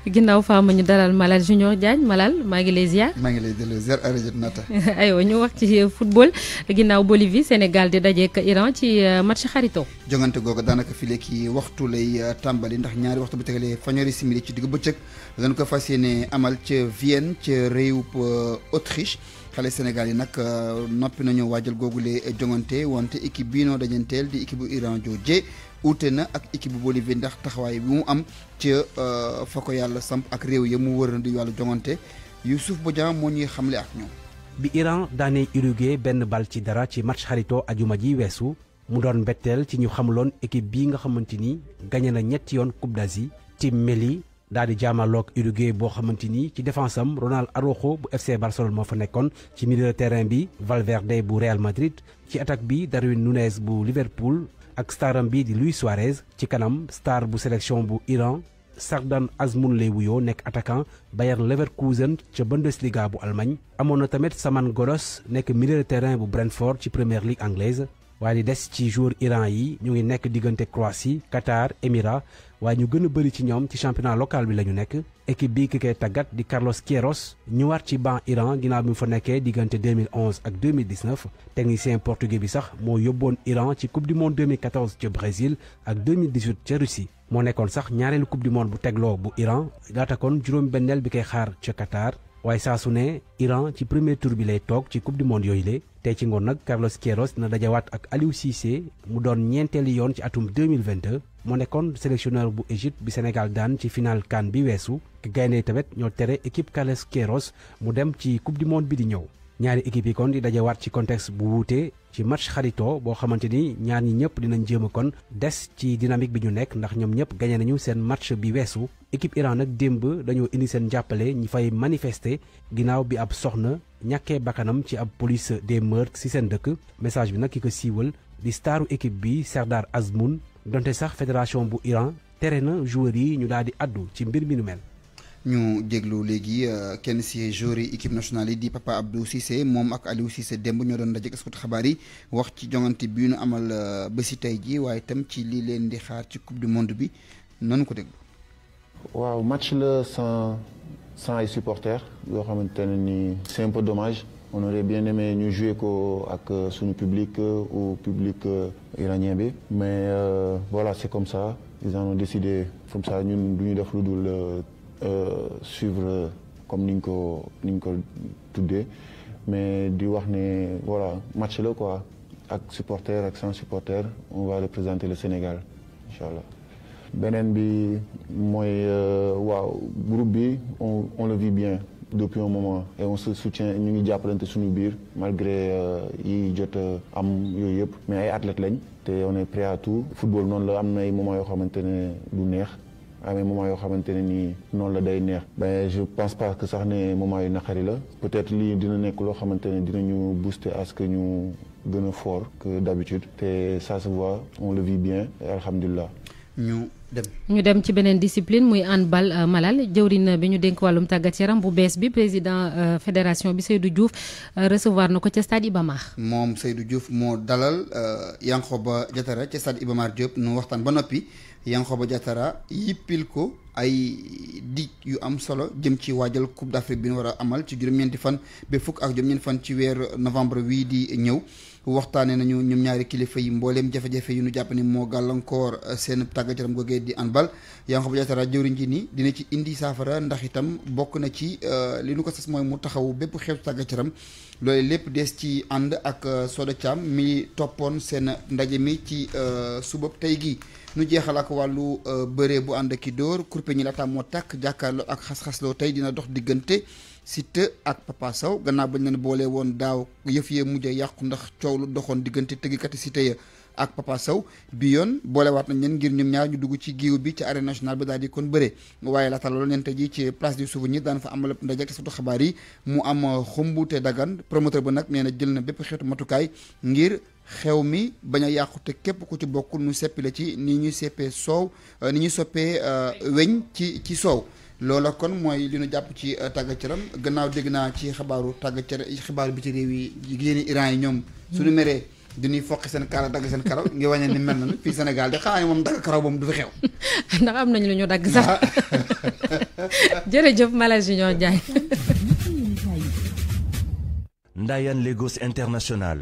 ginnaaw faama ñu dalal Malal Junior Diagne Malal maa ngi lay ziar.
maa ngi lay delloo ziar Arajat Nata.
aywa ñu wax ci euh, football ginnaaw Bolivie Sénégal di dajeek Iran ci euh, match xarito.
jongante googu daanaka file ki waxtu lay euh, tàmbali ndax ñaari waxtu bu tegalee fanweeri simili ci digg bëccëg dañ ko fas yéene amal ca Vienne ca réewub Autriche. xale Sénégal yi nag euh, noppi nañu waajal googu googule jongante wante équipe bii noo dajanteel di équipe bu Iran jooje uute na ak équipe bu Bolivie ndax taxawaay bi mu am ca euh, fa ko yàlla samp ak réew ya mu wër na di wàllu jongante Youssouf Bodian moo ñuy xamle ak ñoom.
bi Iran daanee Uruguay benn bal ci dara ci match xaritoo ajuma ji weesu mu doon mbetteel ci ñu xamuloon équipe bii nga xamante ni gagné na ñetti yoon Coupe d'Asie Dari jamalok Uruguay bo xamanteni ci défense Ronald Araujo FC Barcelone moo fa milieu de terrain bi Valverde bu Real Madrid ci attaque bi Darwin Nunez bu Liverpool ak staram bi di Luis Suarez ci kanam star bu sélection bu Iran Sardan Azmoun lewuyo nek attaquant Bayer Leverkusen ci Bundesliga bu Allemagne amono Saman Goros nek milieu de terrain bu Brentford ci première League anglaise wali di des ci joueur Iran yi ñu ngi Croatie Qatar Émirat waaye ñu gën a bëri ci ñoom ci championnat local bi la ñu nekk équipe bi ki koy tàggat di Carlos Queiroz ñëwaat ci banc Iran ginnaaw bi mu fa nekkee diggante 2011 ak 2019 technicien portugais bi sax moo yóbboon Iran ci coupe du monde 2014 ca Brésil ak 2018 ca Russie moo nekkoon sax ñaareelu coupe du monde bu tegloo bu Iran laata kon juróom-benneel bi koy xaar ca Qatar. waaye saa su ne Iran ci premier tour bi lay toog ci coupe du monde yooyu le tey ci ngoon nag Carlos Queiroz na dajawaat ak Aliou Cissé mu doon ñeenteeli yoon ci atum 2022 moo nekkoon sélectionneur bu Égypte bi Sénégal daan ci final CAN bi weesu gaynde yi tamit ñoo tere équipe Carlos Queiroz mu dem ci coupe bi di ñëw ñaari équipe yi kon di dajewaat ci contexte bu wuute ci match xarito boo xamante ni ñaar ñi ñëpp dinañ jéem a kon des ci dynamique bi ñu nekk ndax ñoom ñëpp gañe nañu seen match bi weesu équipe Iran nag démb dañoo indi seen jàppale ñi fay manifester ginnaaw bi ab soxna ñàkkee bakkanam ci ab police des mœurs ci seen dëkk message bi nag ki ko siiwal di staru équipe bi Serdar Azmoun donte sax fédération bu Iran tere na joueurs yi ñu daal di addu ci mbir
mi nu mel. ñu déglu léegi euh, kenn si joueurs yi équipe nationale yi di Papa Abdou Cissé moom ak Aliou Cissé démb ñoo doon dajeek askut xabaar yi wax ci jongante bi ñu amal euh, ba si tey jii waaye itam ci li leen di xaar ci coupe du monde bi noonu ko déglu. waaw
match le sans sans ay supporters yoo xamante ne ni c'est un peu dommage on aurait bien aimé nous jouer avec euh, le public euh, ou public euh, iranien mais voilà c'est comme ça ils en ont décidé comme ça nous devons suivre comme ni mais du wax voilà match là. quoi supporter ak sans supporter on va représenter le Sénégal Inch'Allah. Benen, moi et groupe on le vit bien depuis un moment et on se soutient ñu ngi jàppalante suñu biir malgré euh, yi jot am yooyu mais ay athlètes lañ te on est prêt à tout football non la am na ay moments yoo xamante ne du neex amee moment yoo xamante ne non noonu la day neex mais ben, je pense pas que sax ne moment yu naqari la peut-être lii dina nekk loo xamante ne dinañu booster à ce que ñu gën forts fort que d'habitude te ça se voit on le vit bien Alhamdulillah. ñu dem
ñu dem ci beneen disipline muy bal euh, malal jëwriñ bi ñu dénk wàllum tàggat yaram bu bees bi président euh, fédération bi Seydou Diouf euh, recevoir na ko ca stade Iba Mar.
moom Seydou juuf moo dalal Yankhoba Diattara ca stade Iba Mar Diop nu waxtaan ba noppi ba Diattara yippil ko ay dig yu am solo jëm ci waajal coupe d'Afrique bi ñu war a amal ci juróom-ñeenti fan ba fukk ak juróom-ñeenti fan ci weer novembre wii di ñëw. waxtaanee nañu ñoom ñaari kilifa yi mbooleem jafe-jafe yu nu jàpp ni moo gàllankoor uh, seen tàggat yaram googee di handball bu nga xam jëwriñ ji ni dina ci indi saafara ndax itam bokk na ci uh, li ñu ko sas mooy mu taxawu bépp xeetu tàggat yaram lépp des ci ànd ak uh, Soda Thiam mi toppoon seen ndaje mi ci suba tey gi nu jeexal ak wàllu bëree bu ànd ki dóor kurpe ñi laata moo tàkk jàkkaarloo ak xas-xasloo tey dina dox diggante Siteu ak Papa Sow gannaaw bañ leen boole woon daaw yëf yee mujj yàqu ndax coow lu doxoon diggante tëggkati Siteu ya ak Papa Sow bi yoon boolewaat nañ leen ngir ñoom ñaar ñu dugg ci géew bi ci arène nationale ba daal di kon bëre waaye laata loolu neen tey ji ci place du souvenir daan fa amal ndaje ak tasatu xabaar yi mu am xumbu te dagan promoteur ba nag nee na jël na bépp xeetu matukaay ngir xew mi bañ a yàqu te képp ku ci bokk nu seppi la ci ni ñuy seppee soow ni ñuy soppee euh, weñ ci ci soow lolo kon moy li ñu japp ci euh, tàggat yaram gannaaw dégg naa ci xabaaru tàggat yaram xabaaru bi ci réew yi jigéeni Iran yi ñoom suñu di ñuy foqi seen karaw dagg seen karaw ngi wañe ni mel na fii Sénégal de xanaa moom dagg karaw moom du fi xew
ndax am nañu lu ñu dagg sax ah. jërëjëf Malang Junior jaay
Ndayan legos International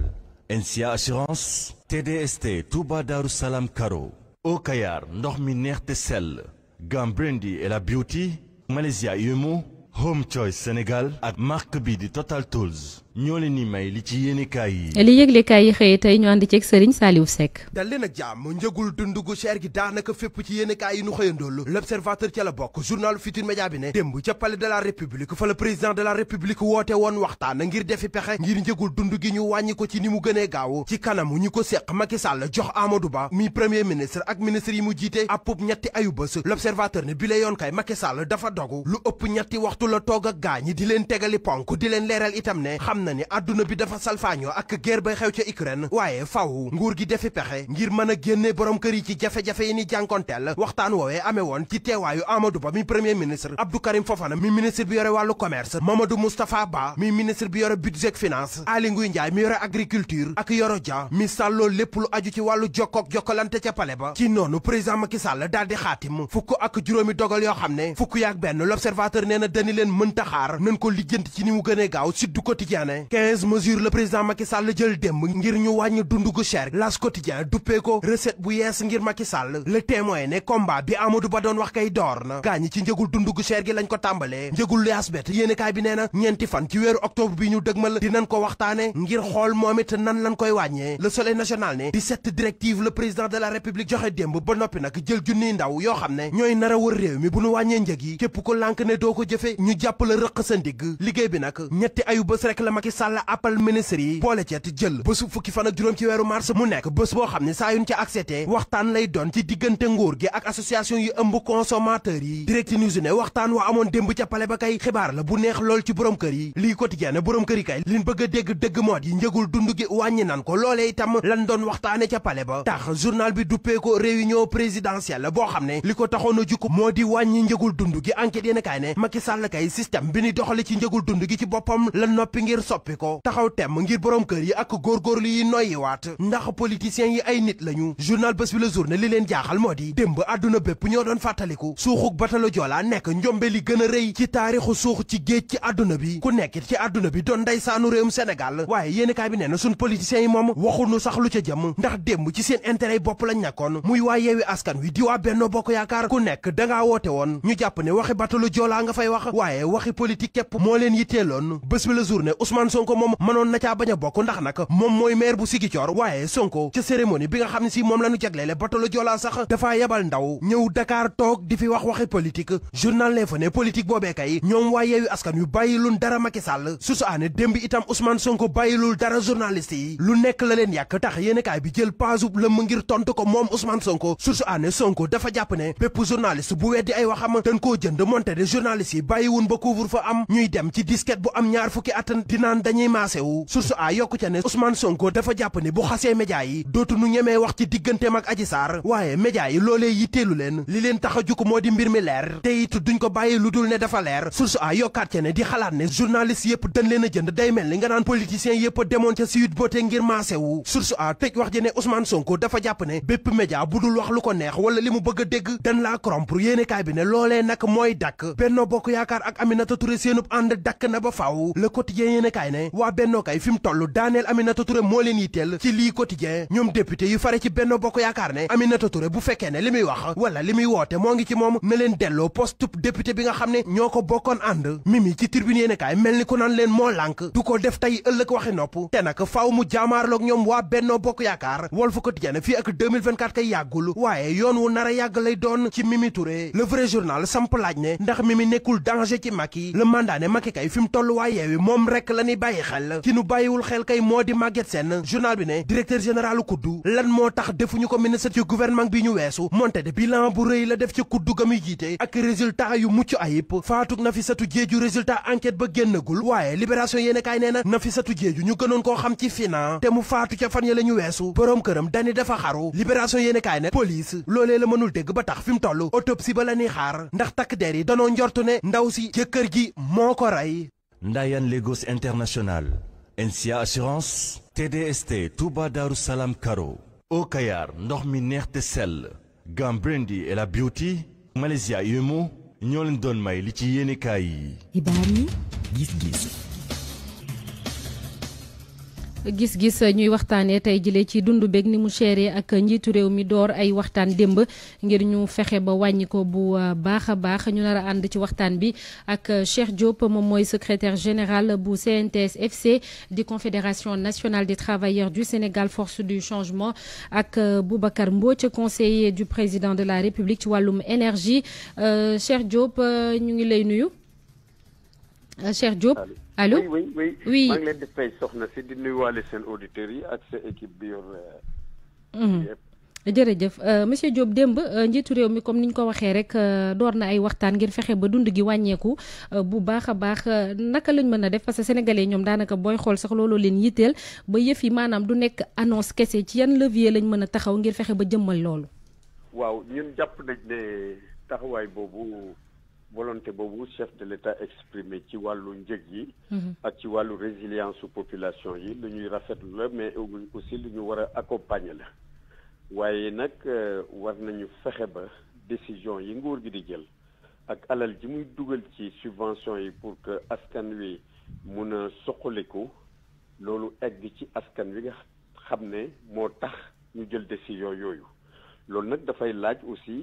ncia Assurance TDST Touba daru Salam Karo Okayar ndox mi neex te sell Gambrendi et la Beauty Malaysia Yumu Home Choice Sénégal ak marque bi di Total Tools ñoo leen ni may li ci yéenekaay
yi. li yëglekaay yi xëyee tey ñu ànd ceeg Serigne Saliou Seck. dal
jàmm njëgul dund gu cher gi daanaka fépp ci yéenekaay yi nu xëyandoolu l'observateur ca la bokk journal Futurs Médias bi ne démb ca palais de la république fa la président de la république woote woon waxtaan ngir defi pexe ngir njëgul dund gi ñu wàññi ko ci ni mu gënee gaaw ci kanamu ñu ko seq Macky Sall jox Amadou Ba mi premier ministre ak ministre yi mu jiite appub ñetti ayu bés l'observateur ne bi la yoon kay Macky Sall dafa dogu lu ëpp ñetti waxtu la toog ak gaañi di leen tegali ponk di leen leeral itam ne xam na ni aduna bi dafa salfaño ak guerre bay xew ci Ukraine waaye faaw nguur gi defi pexé ngir mëna génné borom kër yi ci jafé jafé yi ni jankontel waxtaan wowe amé won ci téwaayu Amadou Ba mi premier ministre Abdou Karim Fofana mi ministre bi yoré walu commerce Mamadou Moustapha Ba mi ministre bi yoré budget finance Ali Nguy Ndiaye mi yoré agriculture ak Yoro Dia mi sallo lepp lu aju ci walu jokkok jokolante ci palé ba ci nonu président Macky Sall daal di xaatim fukk ak juróomi dogal yo xamné fukk yak ben l'observateur néna dañi len mën ta xaar nañ ko lijeent ci ni mu gëné gaaw ci du Quotidien ne quinze mesures le président Macky Sall jël démb ngir ñu wàññi dund gu cher las quotidien duppee ko recette bu yees ngir Macky Sall le ne combat bi Amadou Ba doon wax kay door na gaañ ci njëgul dund gu cher gi lañ ko tàmbalee njëgul lu asbet yéenekaay bi nee ñeenti fan ci weeru octobre bi ñu dëgmal dinañ ko waxtaane ngir xool moom it nan lañ koy wàññee le soleil national ne 17 directives le président de la république joxe démb ba noppi a Macky Sall appel ministre yi ci ti jël bésu fukki fan ak ci wéru mars mu nekk bëss bo xam sa yuñ ci accepté waxtaan lay doon ci digënté nguur gi ak association yu ëmb consommateur yi direct news né waxtaan wa amon démb ci palé ba kay xibaar la bu neex lool ci borom kër yi li quotidien ne borom kër yi kay liñ bëgg a dégg dëgg moot yi ñëgul dundu gi wañi nan ko lolé itam lañ doon waxtaané ci palé ba tax journal bi duppé ko réunion présidentielle bo xamné ne taxono juk modi wañi ñëgul dundu gi enquête yene kay né Macky Sall kay système bi ni doxali ci ñëgul dundu gi ci bopam la noppi ngir soppi ko taxaw temm ngir borom kër yi ak góorgóorlu yi waat ndax politiciens yi ay nit lañu journal bés bi la journée li leen jaaxal moo di démb àdduna bépp ñoo doon fàttaliku suuxuk batalo Joola nekk njombe li gën a rëy ci taarixu suux ci géej ci àdduna bi ku nekk ci àdduna bi doon ndey saanu réewum Sénégal waaye yéenekaay bi nee na suñ politiciens yi moom waxuñu sax lu ca jëm ndax démb ci seen intere yi bopp lañ nekkoon muy waa yeewi askan wi di waa Benno Bokk Yaakaar ku nekk dangaa woote woon ñu jàpp ne waxi batalo Joola nga fay wax waaye waxi politique képp moo leen yitteeloon bés Ousmane Sonko moom mënoon na caa bañ a bokk ndax nag moom mooy maire bu Ziguinchor waaye Sonko ca cérémonie bi nga xam ne si moom la ñu jagleele batalo Joola sax dafaa yebal ndaw ñëw Dakar toog di fi wax waxi politique journal boobee kay ñoom waa yeewi askan yu bàyyilun dara Macky Sall aane démb itam Ousmane Sonko bàyyilul dara journaliste yi lu nekk la leen yàq tax yéen kaay bi jël paasub lëmm ngir tontu ko moom Ousmane Sonko su aane Sonko dafa jàpp ne bépp journaliste naan dañuy maase wu a yokku ca ne Ousmane Sonko waaye média yi loolee yitteelu leen li leen tax a jukk moo di mbir mi leer te it ko bàyyi lu dul ne dafa leer source a yokkaat ca ne di xalaat ne journaliste yëpp dañ leen a jënd day mel ni nga naan politiciens yëpp demoon ca Sweet Beauté ngir maase wu a tëj wax ji ne Ousmane Sonko dafa jàpp ne bépp média bu dul wax lu ko neex wala li mu bëgg a dégg dañ laa corrompre yéene kaay bi ne loolee nag mooy dakk Benno Bokk Yaakaar ak Aminata Touré seenub yéenekaay ne waa Benno kay fi mu toll daaneel Aminata Touré moo leen yitteel ci lii quotidien ñoom député yu fare ci Benno Bokk Yaakaar ne Aminata Touré bu fekkee ne li muy wax wala li muy woote moo ngi ci moom na leen delloo poste député bi nga xam ne ñoo ko bokkoon ànd Mimi ci tribune yéenekaay mel ni ku naan leen moo lànk du ko def tey ëllëg waxi nopp te nag faaw mu jaamaarloog ñoom waa Benno Bokk Yaakaar Walf Quotidien fii ak 2024 yàggul waaye yoon wu nar a yàgg lay doon ci Mimi ni bàyyi xel ki nu bàyyiwul xel kay moo di Maguette Sène journal bi ne directeur général kuddu lan moo tax defuñu ko ministre ci gouvernement bi ñu weesu monte de bilan bu rëy la def ca kuddu ga muy jiite ak résultat yu mucc ayib faatug Nafisatu Jeeju résultat enquête ba génnagul waaye libération yéene kaay nee na Nafisatu Jeeju ñu gënoon koo xam ci finan te mu faatu ca fan ya la weesu boroom këram dani dafa xaru libération yéene kaay ne police loolee la mënul dégg ba tax fi mu toll autopsie ba la ñuy xaar ndax takk der yi danoo njortu ne ndaw si jëkkër ji moo ko rey Nayan Legos International, NCA Assurance, TDST Tuba Darussalam Karo, Okayar, Norminer mi Gam et la Beauty, Malaysia Yumu ñoo Mai, may
gis-gis ñuy waxtane tay jilé ci dundu beeg ni mu chéré ak njiitu réew mi door ay waxtaan demb ngir ñu fexé ba wàññi ko bu euh, baaxa baax ñu nar and ci waxtaan bi ak euh, Cheikh Diop mom moy secrétaire général bu CNTS FC di confédération nationale des travailleurs du Sénégal force du changement ak euh, Boubacar Mbodj conseiller du président de la République ci walum énergie Cheikh Diop ñu ngi lay nuyu. Euh, Cheikh Diop allô oui
oui oui maa ngi leen di fay
soxna si di nuyuwaale seen auditeurs yi ak sa équipe bi yor.
Euh, mhm. jërëjëf euh, monsieur Diop démb njiitu réew mi comme niñ ko waxee rek door na ay waxtaan ngir fexe ba dund gi wàññeeku bu baax a baax naka lañ mën a def parce que sénégalais ñoom daanaka booy xool sax looloo leen yitteel ba yëf yi maanaam du nekk annonce kese ci yan levier lañ mën a taxaw ngir fexe ba jëmmal loolu.
waaw ñun jàpp nañ ne taxawaay boobu volonté bobu chef de l'État exprimé ci walu njëg yi mhm. ak ci walu résilience population yi lu ñuy rafetlu la mais aussi lu ñu war a accompagner la waaye nag euh, war nañu fexe ba décision yi nguur gi di jël ak alal ji muy dugal ci subvention yi pour que askan wi mun a soqaliku loolu egg ci askan wi nga xam ne moo tax ñu jël décision yooyu loolu nag dafay laaj aussi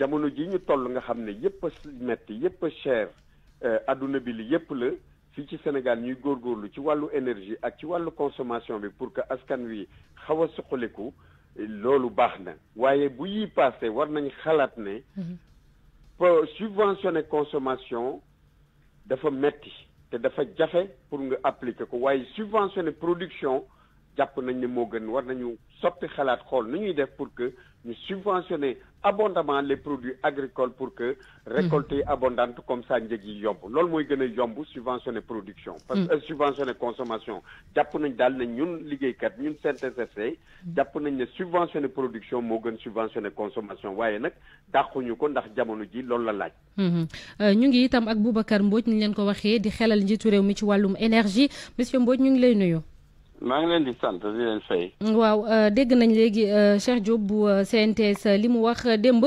jamono ji ñu toll nga xam ne yëpp metti yépp a cher euh, aduna bi li yépp la fii ci Sénégal ñuy góorgóorlu ci wàllu énergie ak ci wàllu consommation bi pour que askan wi xaw a suqaliku loolu baax na waaye bu yi passé war nañ xalaat ne mhm. subventionner consommation dafa metti te dafa jafe pour nga appliquer ko waaye subventionner production jàpp nañ ne moo gën war nañu sotti xalaat xool nu ñuy def pour que ñu subventionner abondamment les produits agricoles pour que mhm. récolte yi abondante comme ça njëg yi yomb loolu mooy gën a yomb subventionner production mhm. parce que subventionner consommation jàpp nañ daal ne ñun liggéeykat ñun CNTS/FC mhm. jàpp nañ ne subventionner production moo gën subventionner consommation waaye nag dàquñu ko ndax jamono ji loolu la laaj
euh, ñu ngi itam ak Boubacar Mbodj ni leen ko waxee di xelal njiitu réew mi ci wàllum énergie monsieur Mbodj ñu ngi lay nuyu
maa ngi leen di sant di leen fay.
waaw euh, dégg nañ léegi euh, Cheikh Diop bu euh, CNTS li mu wax démb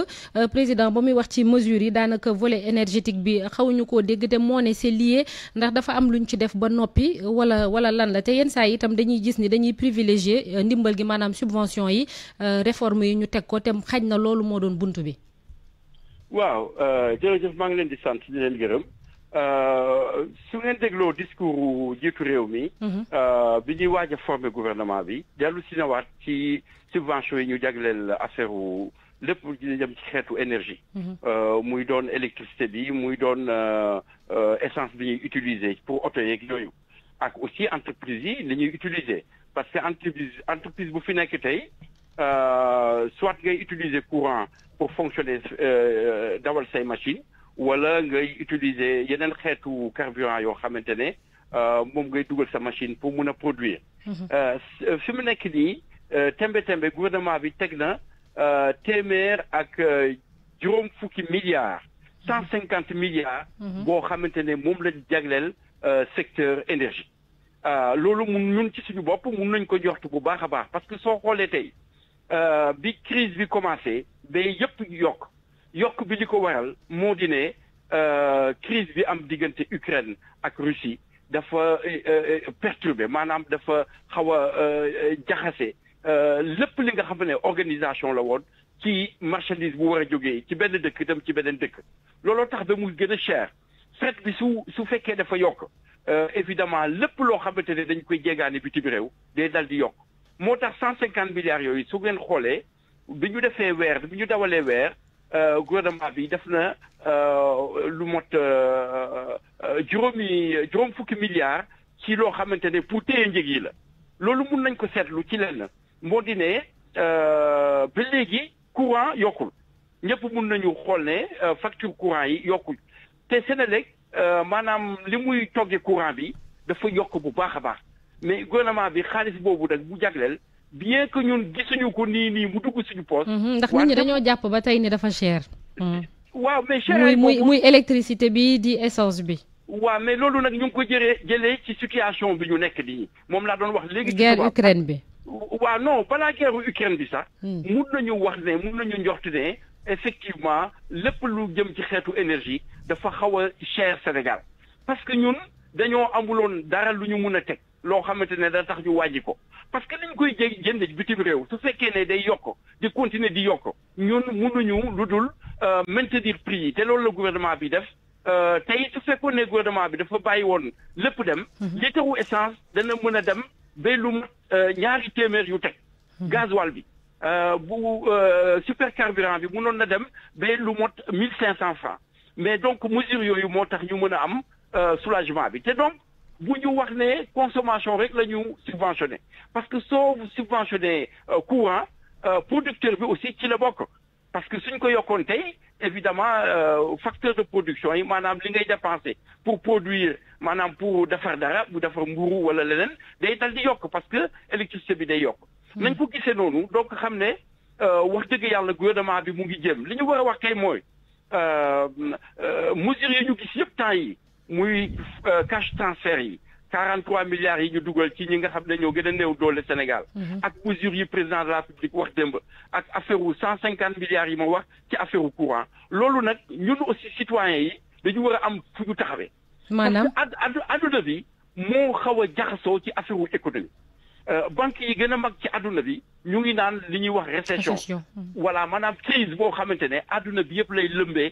président ba muy wax ci mesures yi daanaka volet énergétique bi xawuñu koo dégg te moo ne c'est lié ndax dafa am luñ ci def ba noppi wala wala lan la te yenn saa yi itam dañuy gis ni dañuy privilégié ndimbal gi maanaam subvention yi réforme yi ñu teg ko te xaj na loolu moo doon bunt bi.
waaw jërëjëf maa ngi leen di sant di leen gërëm. Euh, su ngeen dégloo discours jiitu réew mi. Mhm. Euh, bi ñuy waaj a former gouvernement bi. dellu si na waat ci subvention yi ñu jagleel affaire wu lépp lu jëm ci xeetu énergie. Mhm. Euh, muy doon électricité bi muy doon essence bi ñuy utiliser pour oto yeeg yooyu. ak aussi entreprise yi li ñuy utiliser parce que entreprise entreprise bu fi nekk tey soit ngay utiliser courant pour fonctionner dawal say machine wala ngay utiliser yeneen carburant euh, ngay sa machine pour a produire. Mhm. Euh, euh, tembe gouvernement bi teg na ak milliards. Mhm. cent cinquante milliards. Mhm. boo xamante secteur énergie. mun ñun ci suñu mun ko bu parce que soo xoolee tey bi crise bi commencé day yokk bi li ko waral moo di ne euh, crise bi am diggante Ukraine ak Russie dafa euh, euh, perturbé maanaam dafa xaw a jaxase lépp li nga xam ne organisation la woon ci marchandise bu war a jógee ci benn dëkk dem ci beneen dëkk looloo tax ba muy gën a cher fret bi su su fekkee dafa yokk évidemment lépp loo xamante ne dañ koy jéegaane bitim réew day dal di yokk moo tax cent milliards yooyu su ngeen xoolee bi ñu defee weer bi ñu dawalee weer Euh, gouvernement bi def na euh, lu mot euh, juróomi juróom fukki milliards ci loo xamante ne pour téye njëg yi la loolu mun nañ ko seetlu ci lenn moo di ne ba léegi courant yokkul ñëpp mun nañu xool ne facture courant yi yokkul te Senelec maanaam li muy toggee courant bi dafa yokk bu baax a baax mais gouvernement bi xaalis boobu nag bu jagleel bien que ñun gisuñu ko poste. Mhm, ndax ñi
ba dafa cher. Mhm. mais muy électricité bi essence mais
situation guerre Ukraine bi. non guerre Ukraine bi wax effectivement lépp lu jëm ci énergie Sénégal parce que ñun dañoo amuloon dara lu loo xamante ne da tax ñu wàññi ko parce que liñ koy jë jënd bitim réew su fekkee ne day yokk di continuer di yokk ñun mënuñu lu dul euh, maintenir prix yi te loolu la gouvernement bi def euh, tey su fekkoon ne gouvernement bi dafa bàyyi woon lépp dem mhm. litre essence dana mën a dem bay lu euh, ñaari téeméer yu teg mhm. gasoil bi bu super carburant bi mënoon na dem bay lu mot 1500 francs mais donc mesure yooyu moo tax ñu mën a am soulagement bi te donc buñu wax ne consommation rek lañu subventionné parce que soo subventionné euh, courant euh, producteur bi aussi ci la bokk parce que suñ ko yokkoon tey évidemment euh, facteur de production yi maanaam li ngay dépensé pour produire maanaam pour defar dara bu defar mburu wala leneen day dal di yokk parce que électricité bi day yokk hmm. nañ ko gisee noonu donc xam ne wax dëgg yàlla gouvernement bi mu ngi jëm li ñu war a wax kay mooy mesures yi ñu gis yëpp temps yi muy euh, cash transfert yi 43 milliards yi ñu duggal ci ñi nga xam ne ñoo gën a néew doole Sénégal. Mhm. ak mesures yi président de la République wax démb ak affaire wu 150 milliards yi ma wax ci affaire wu courant loolu nag ñun aussi citoyens yi dañu war a am fu ñu taxawee. maanaam parce que adduna bi moo xaw a jaxasoo ci affaire wu économie. Euh, banque yi gën a mag ci aduna bi ñu ngi naan li ñuy wax récession. voilà maanaam crise boo xamante ne adduna bi yëpp lay lëmbee.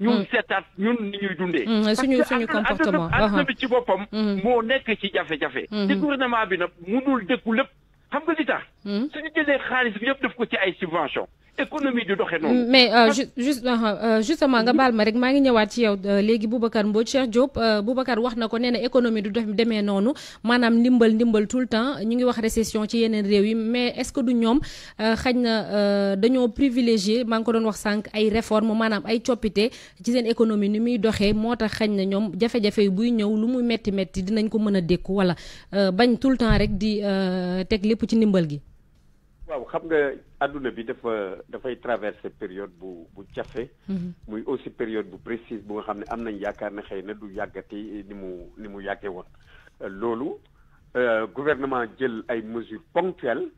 ñun mm. seetaat ñun ni ñuy dundee. Mm, suñu suñu comportement parce que àdduna uh-huh. bi ci boppam. Mm-hmm. moo nekk ci jafe-jafe. te mm-hmm. gouvernement bi mu mënul dëkku lépp xam nga li tax. Mm-hmm. suñu jëlee xaalis bi yëpp def ko ci ay subvention économie du doxé non mais euh,
juste euh, euh, justement nga bal ma rek maa ngi ñëwaat ci yow légui Boubacar Mbodj Cheikh Diop Boubacar wax na ko nee économie du dox demee noonu maanaam ndimbal ndimbal tout le temps ñu ngi wax récession ci yeneen réew yi mais est-ce que du ñom xagn na dañoo privilégier maa ngi ko doon wax sank ay réformes manam ay ciopité ci seen économie ni muy doxé motax xagn na ñom jafé jafé yi buy ñëw lu muy metti metti dinañ ko mëna a dékku wala bañ tout le temps rek di teg lépp ci ndimbal gi
waaw xam nga àdduna bi dafa dafay traverser période bu bu jafe. Mhm. muy aussi période bu précise bu nga xam ne am nañ yaakaar ne xëy na du yàggati ni mu ni mu yàggee woon. Euh, loolu euh, gouvernement jël ay mesures ponctuelles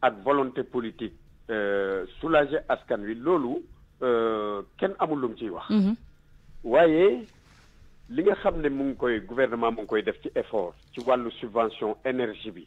ak volonté politique euh, soulager askan wi loolu kenn amul lu mu ciy wax. Mhm. waaye li nga xam ne mu ngi koy gouvernement mu ngi koy def ci effort ci wàllu subvention énergie bi.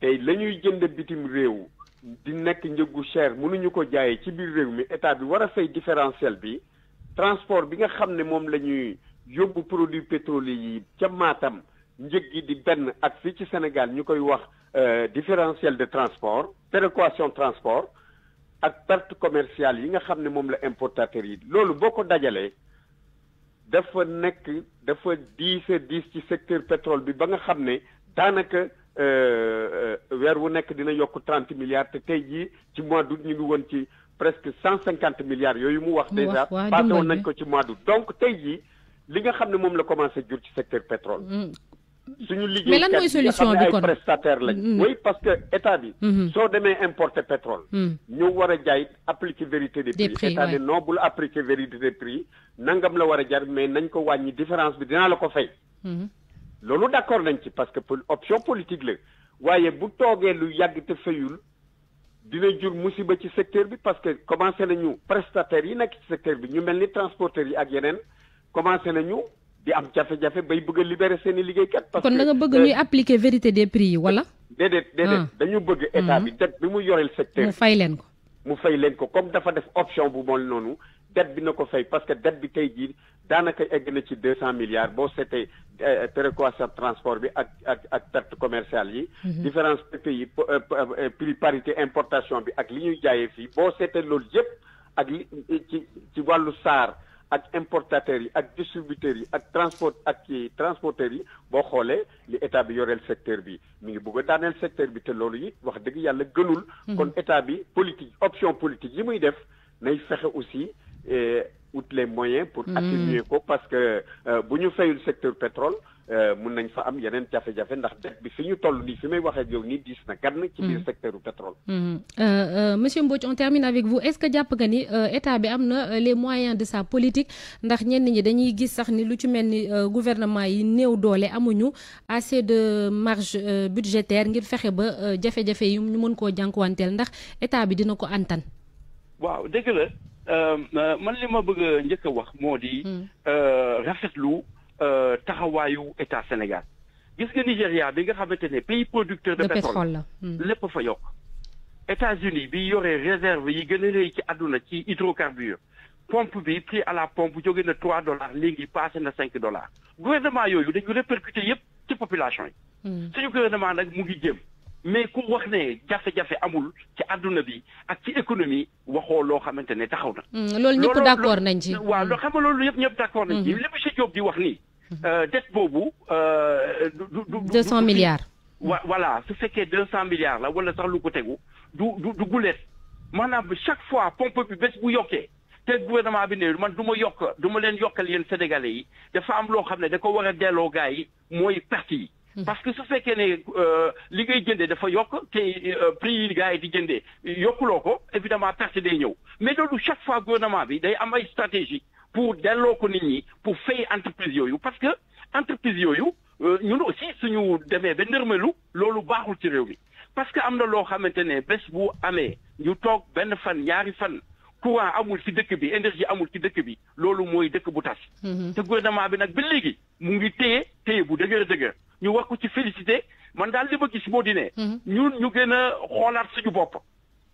tey la ñuy jënd bitim réew di nekk njëgu cher mënuñu ko jaayee ci biir réew mi état bi war a fay différentiel bi transport bi nga xam ne moom la ñuy yóbbu produit pétrolier yi ca Matam njëg gi di benn ak fii ci Sénégal ñu koy wax euh, différentiel de transport péréquation transport ak perte commerciale yi nga xam ne moom la importateur yi loolu boo ko dajalee dafa nekk dafa diis a diis ci secteur pétrole bi ba nga xam ne daanaka Euh, euh, weer wu nekk dina yokk trente milliards te tey jii ci mois d'août ñu ngi woon ci presque cent cinquante milliards yooyu mu wax déjà passé woon nañ ko ci mois d'août donc tey jii li nga xam ne moom la commencé jur ci secteur pétrole mm. suñu liggéey mais lan mooy solution bi kon ay prestataire lañ mm-hmm. oui parce que état bi mm-hmm. soo demee importer pétrole mm. ñu war a jaay appliquer vérité des prix état ne non bul appliquer vérité des prix nangam la war a jar mais nañ ko wàññi différence bi dinaa la ko loolu d'accord parce que l'option politique bu lu te dina musiba ci secteur parce que commencé nañu prestataire yi ci secteur bi ñu mel yi ak commencé nañu di am libérer kon da nga bëgg ñuy
appliquer vérité des prix wala.
déedéet déedéet ah. dañu bëgg mm-hmm. état bi secteur mu fay comme option bu parce que bi danaka egg na ci deux cent milliards boo eh, c'était précaution transport bi ak ak ak perte commerciale yi. Mhm. différence pays eh, eh, prix parité importation bi ak li ñuy jaayee fi bo c'était loolu yépp ak ci ci walu SAR ak importateur yi ak distributeur yi ak transport ak ci transporteurs yi bo xolé li état bi yorel secteur bi mi ngi bëgg a daaneel secteur bi té loolu yi wax dëgg yalla gënul. Mhm. kon état bi politique option politique yi muy def nay fexé aussi out les moyens pour hmm. atténuer ko parce que euh, bu fait fayul secteur pétrole euh, mun nañ fa am yeneen jafe-jafe ndax dette bi fi ñu toll nii fi may waxee yow nii diis na gann ci biir hmm. secteur pétrole.
Hmm. Euh, monsieur Mbodj on termine avec vous est-ce que jàpp nga ni état bi am na les moyens de sa politique ndax ñenn ñi dañuy gis sax ni lu ci mel ni gouvernement yi néew doole amuñu assez de marge budgétaire ngir fexe ba jafe-jafe yi ñu mën koo jànkuwanteel ndax état bi dina ko antan.
waaw dëgg la. Euh, euh, man li ma bëgg euh, wax hmm. rafetlu Sénégal. gis nga Nigeria bi nga pays de pétrole la hmm. États-Unis bi yore réserve yi gën pompe bi à la pompe jóge na trois dollars léegi passé na cinq dollars gouvernement yooyu dañu répercuté yépp ci population yi. Hmm. suñu gouvernement mu ngi mais ku wax ne jafe amul ci àdduna bi ak ci économie ne taxaw
mm, ñëpp d' nañ ci. waaw xam
loolu ñëpp ñëpp d' nañ ci. Mm-hmm. li monsieur 200 mm-hmm. euh, euh, milliards. voilà su fekkee 200 milliards la wala sax lu ko chaque fois pompe bi bés bu yokkee. gouvernement bi ne man du ma yokk sénégalais yi dafa am da ko Mm. parce que su fekkee ne euh, li ngay jëndee dafa yokk te euh, prix yi gars yi di jëndee yokkuloo ko évidemment perte day ñëw mais loolu chaque fois gouvernement bi day am ay stratégie pour delloo ko nit ñi pour fay entreprise yooyu parce que entreprise yooyu euh, ñun aussi suñu demee ba nërmelu loolu baaxul ci réew mi parce que am na loo xamante ne bés bu amee ñu toog benn fan ñaari fan courant amul ci dëkk bi énergie amul ci dëkk bi loolu mooy dëkk bu tas mm-hmm. te gouvernement bi nag ba léegi mu ngi téye téye bu dëgër dëgër ñu wax ko ci félicité man daal li ma gis moo di ne. Mhm. ñun ñu gën a xoolaat suñu bopp.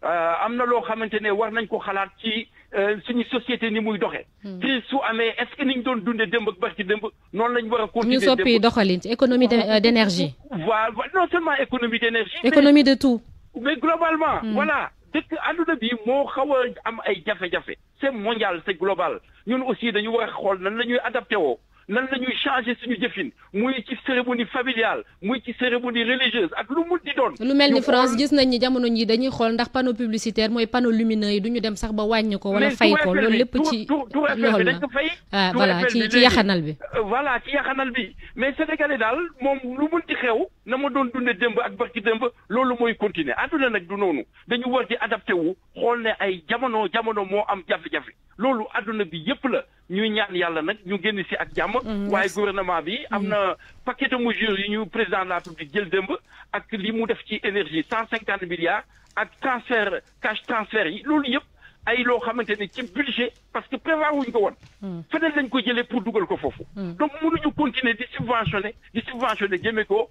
Euh, am na loo xamante ne war nañ ko xalaat ci euh, suñu société ni muy doxee. crise mhm. su amee est-ce que ni ñu doon dundee démb ak barki démb noonu lañ war a. continuer démb ñu soppi doxalin ci
économie euh, d'énergie.
waaw non seulement économie d'énergie. économie de tout. mais globalement. Mhm. voilà dëkk àdduna bi moo xaw a am ay jafe-jafe. c'est mondial c'est global ñun aussi dañu war a xool nan la ñuy adapté woo nan lañuy changer suñu jëfin muy ci cérémonie familiale muy ci cérémonie religieuse ak lu mu
di doon. lu mel ni France gis nañ ni jamono ñi dañuy xool ndax panneau publicitaire mooy panneau lumineux yi du dem sax ba wàññi ko. wala fay ko loolu lépp ci
loolu la
ah voilà ci ci yaxanal bi.
Euh, voilà ci yaxanal bi mais sénégalais daal moom lu mun di xew na ma doon dunde démb ak barki démb loolu mooy continuer àdduna nag du noonu dañu war di adapté wu xool ne ay jamono jamono moo am jafe-jafe loolu aduna bi yépp la ñuy ñaan yàlla nag ñu génn si ak jàmm ou mm, gouvernement bi amna paquet de mesures yi ñu président de la République jël demb ak li mu def ci énergie 150 milliards ak transfert cash transfert yi loolu yëpp ay lo xamanteni ci budget parce que prévoir wuñ ko won mm. feneen lañ ko jëlé pour duggal ko fofu mm. donc ñu continuer di subventionner di subventionner jëmee ko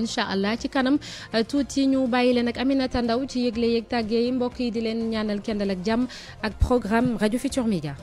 incha allah ci kanam euh, tuuti ñu bàyyi leen ak Aminata Ndaw ci yëgle yeeg tàggee yi mbokk yi di leen ñaanal kendal ak jàmm ak programme rajo Futur Media.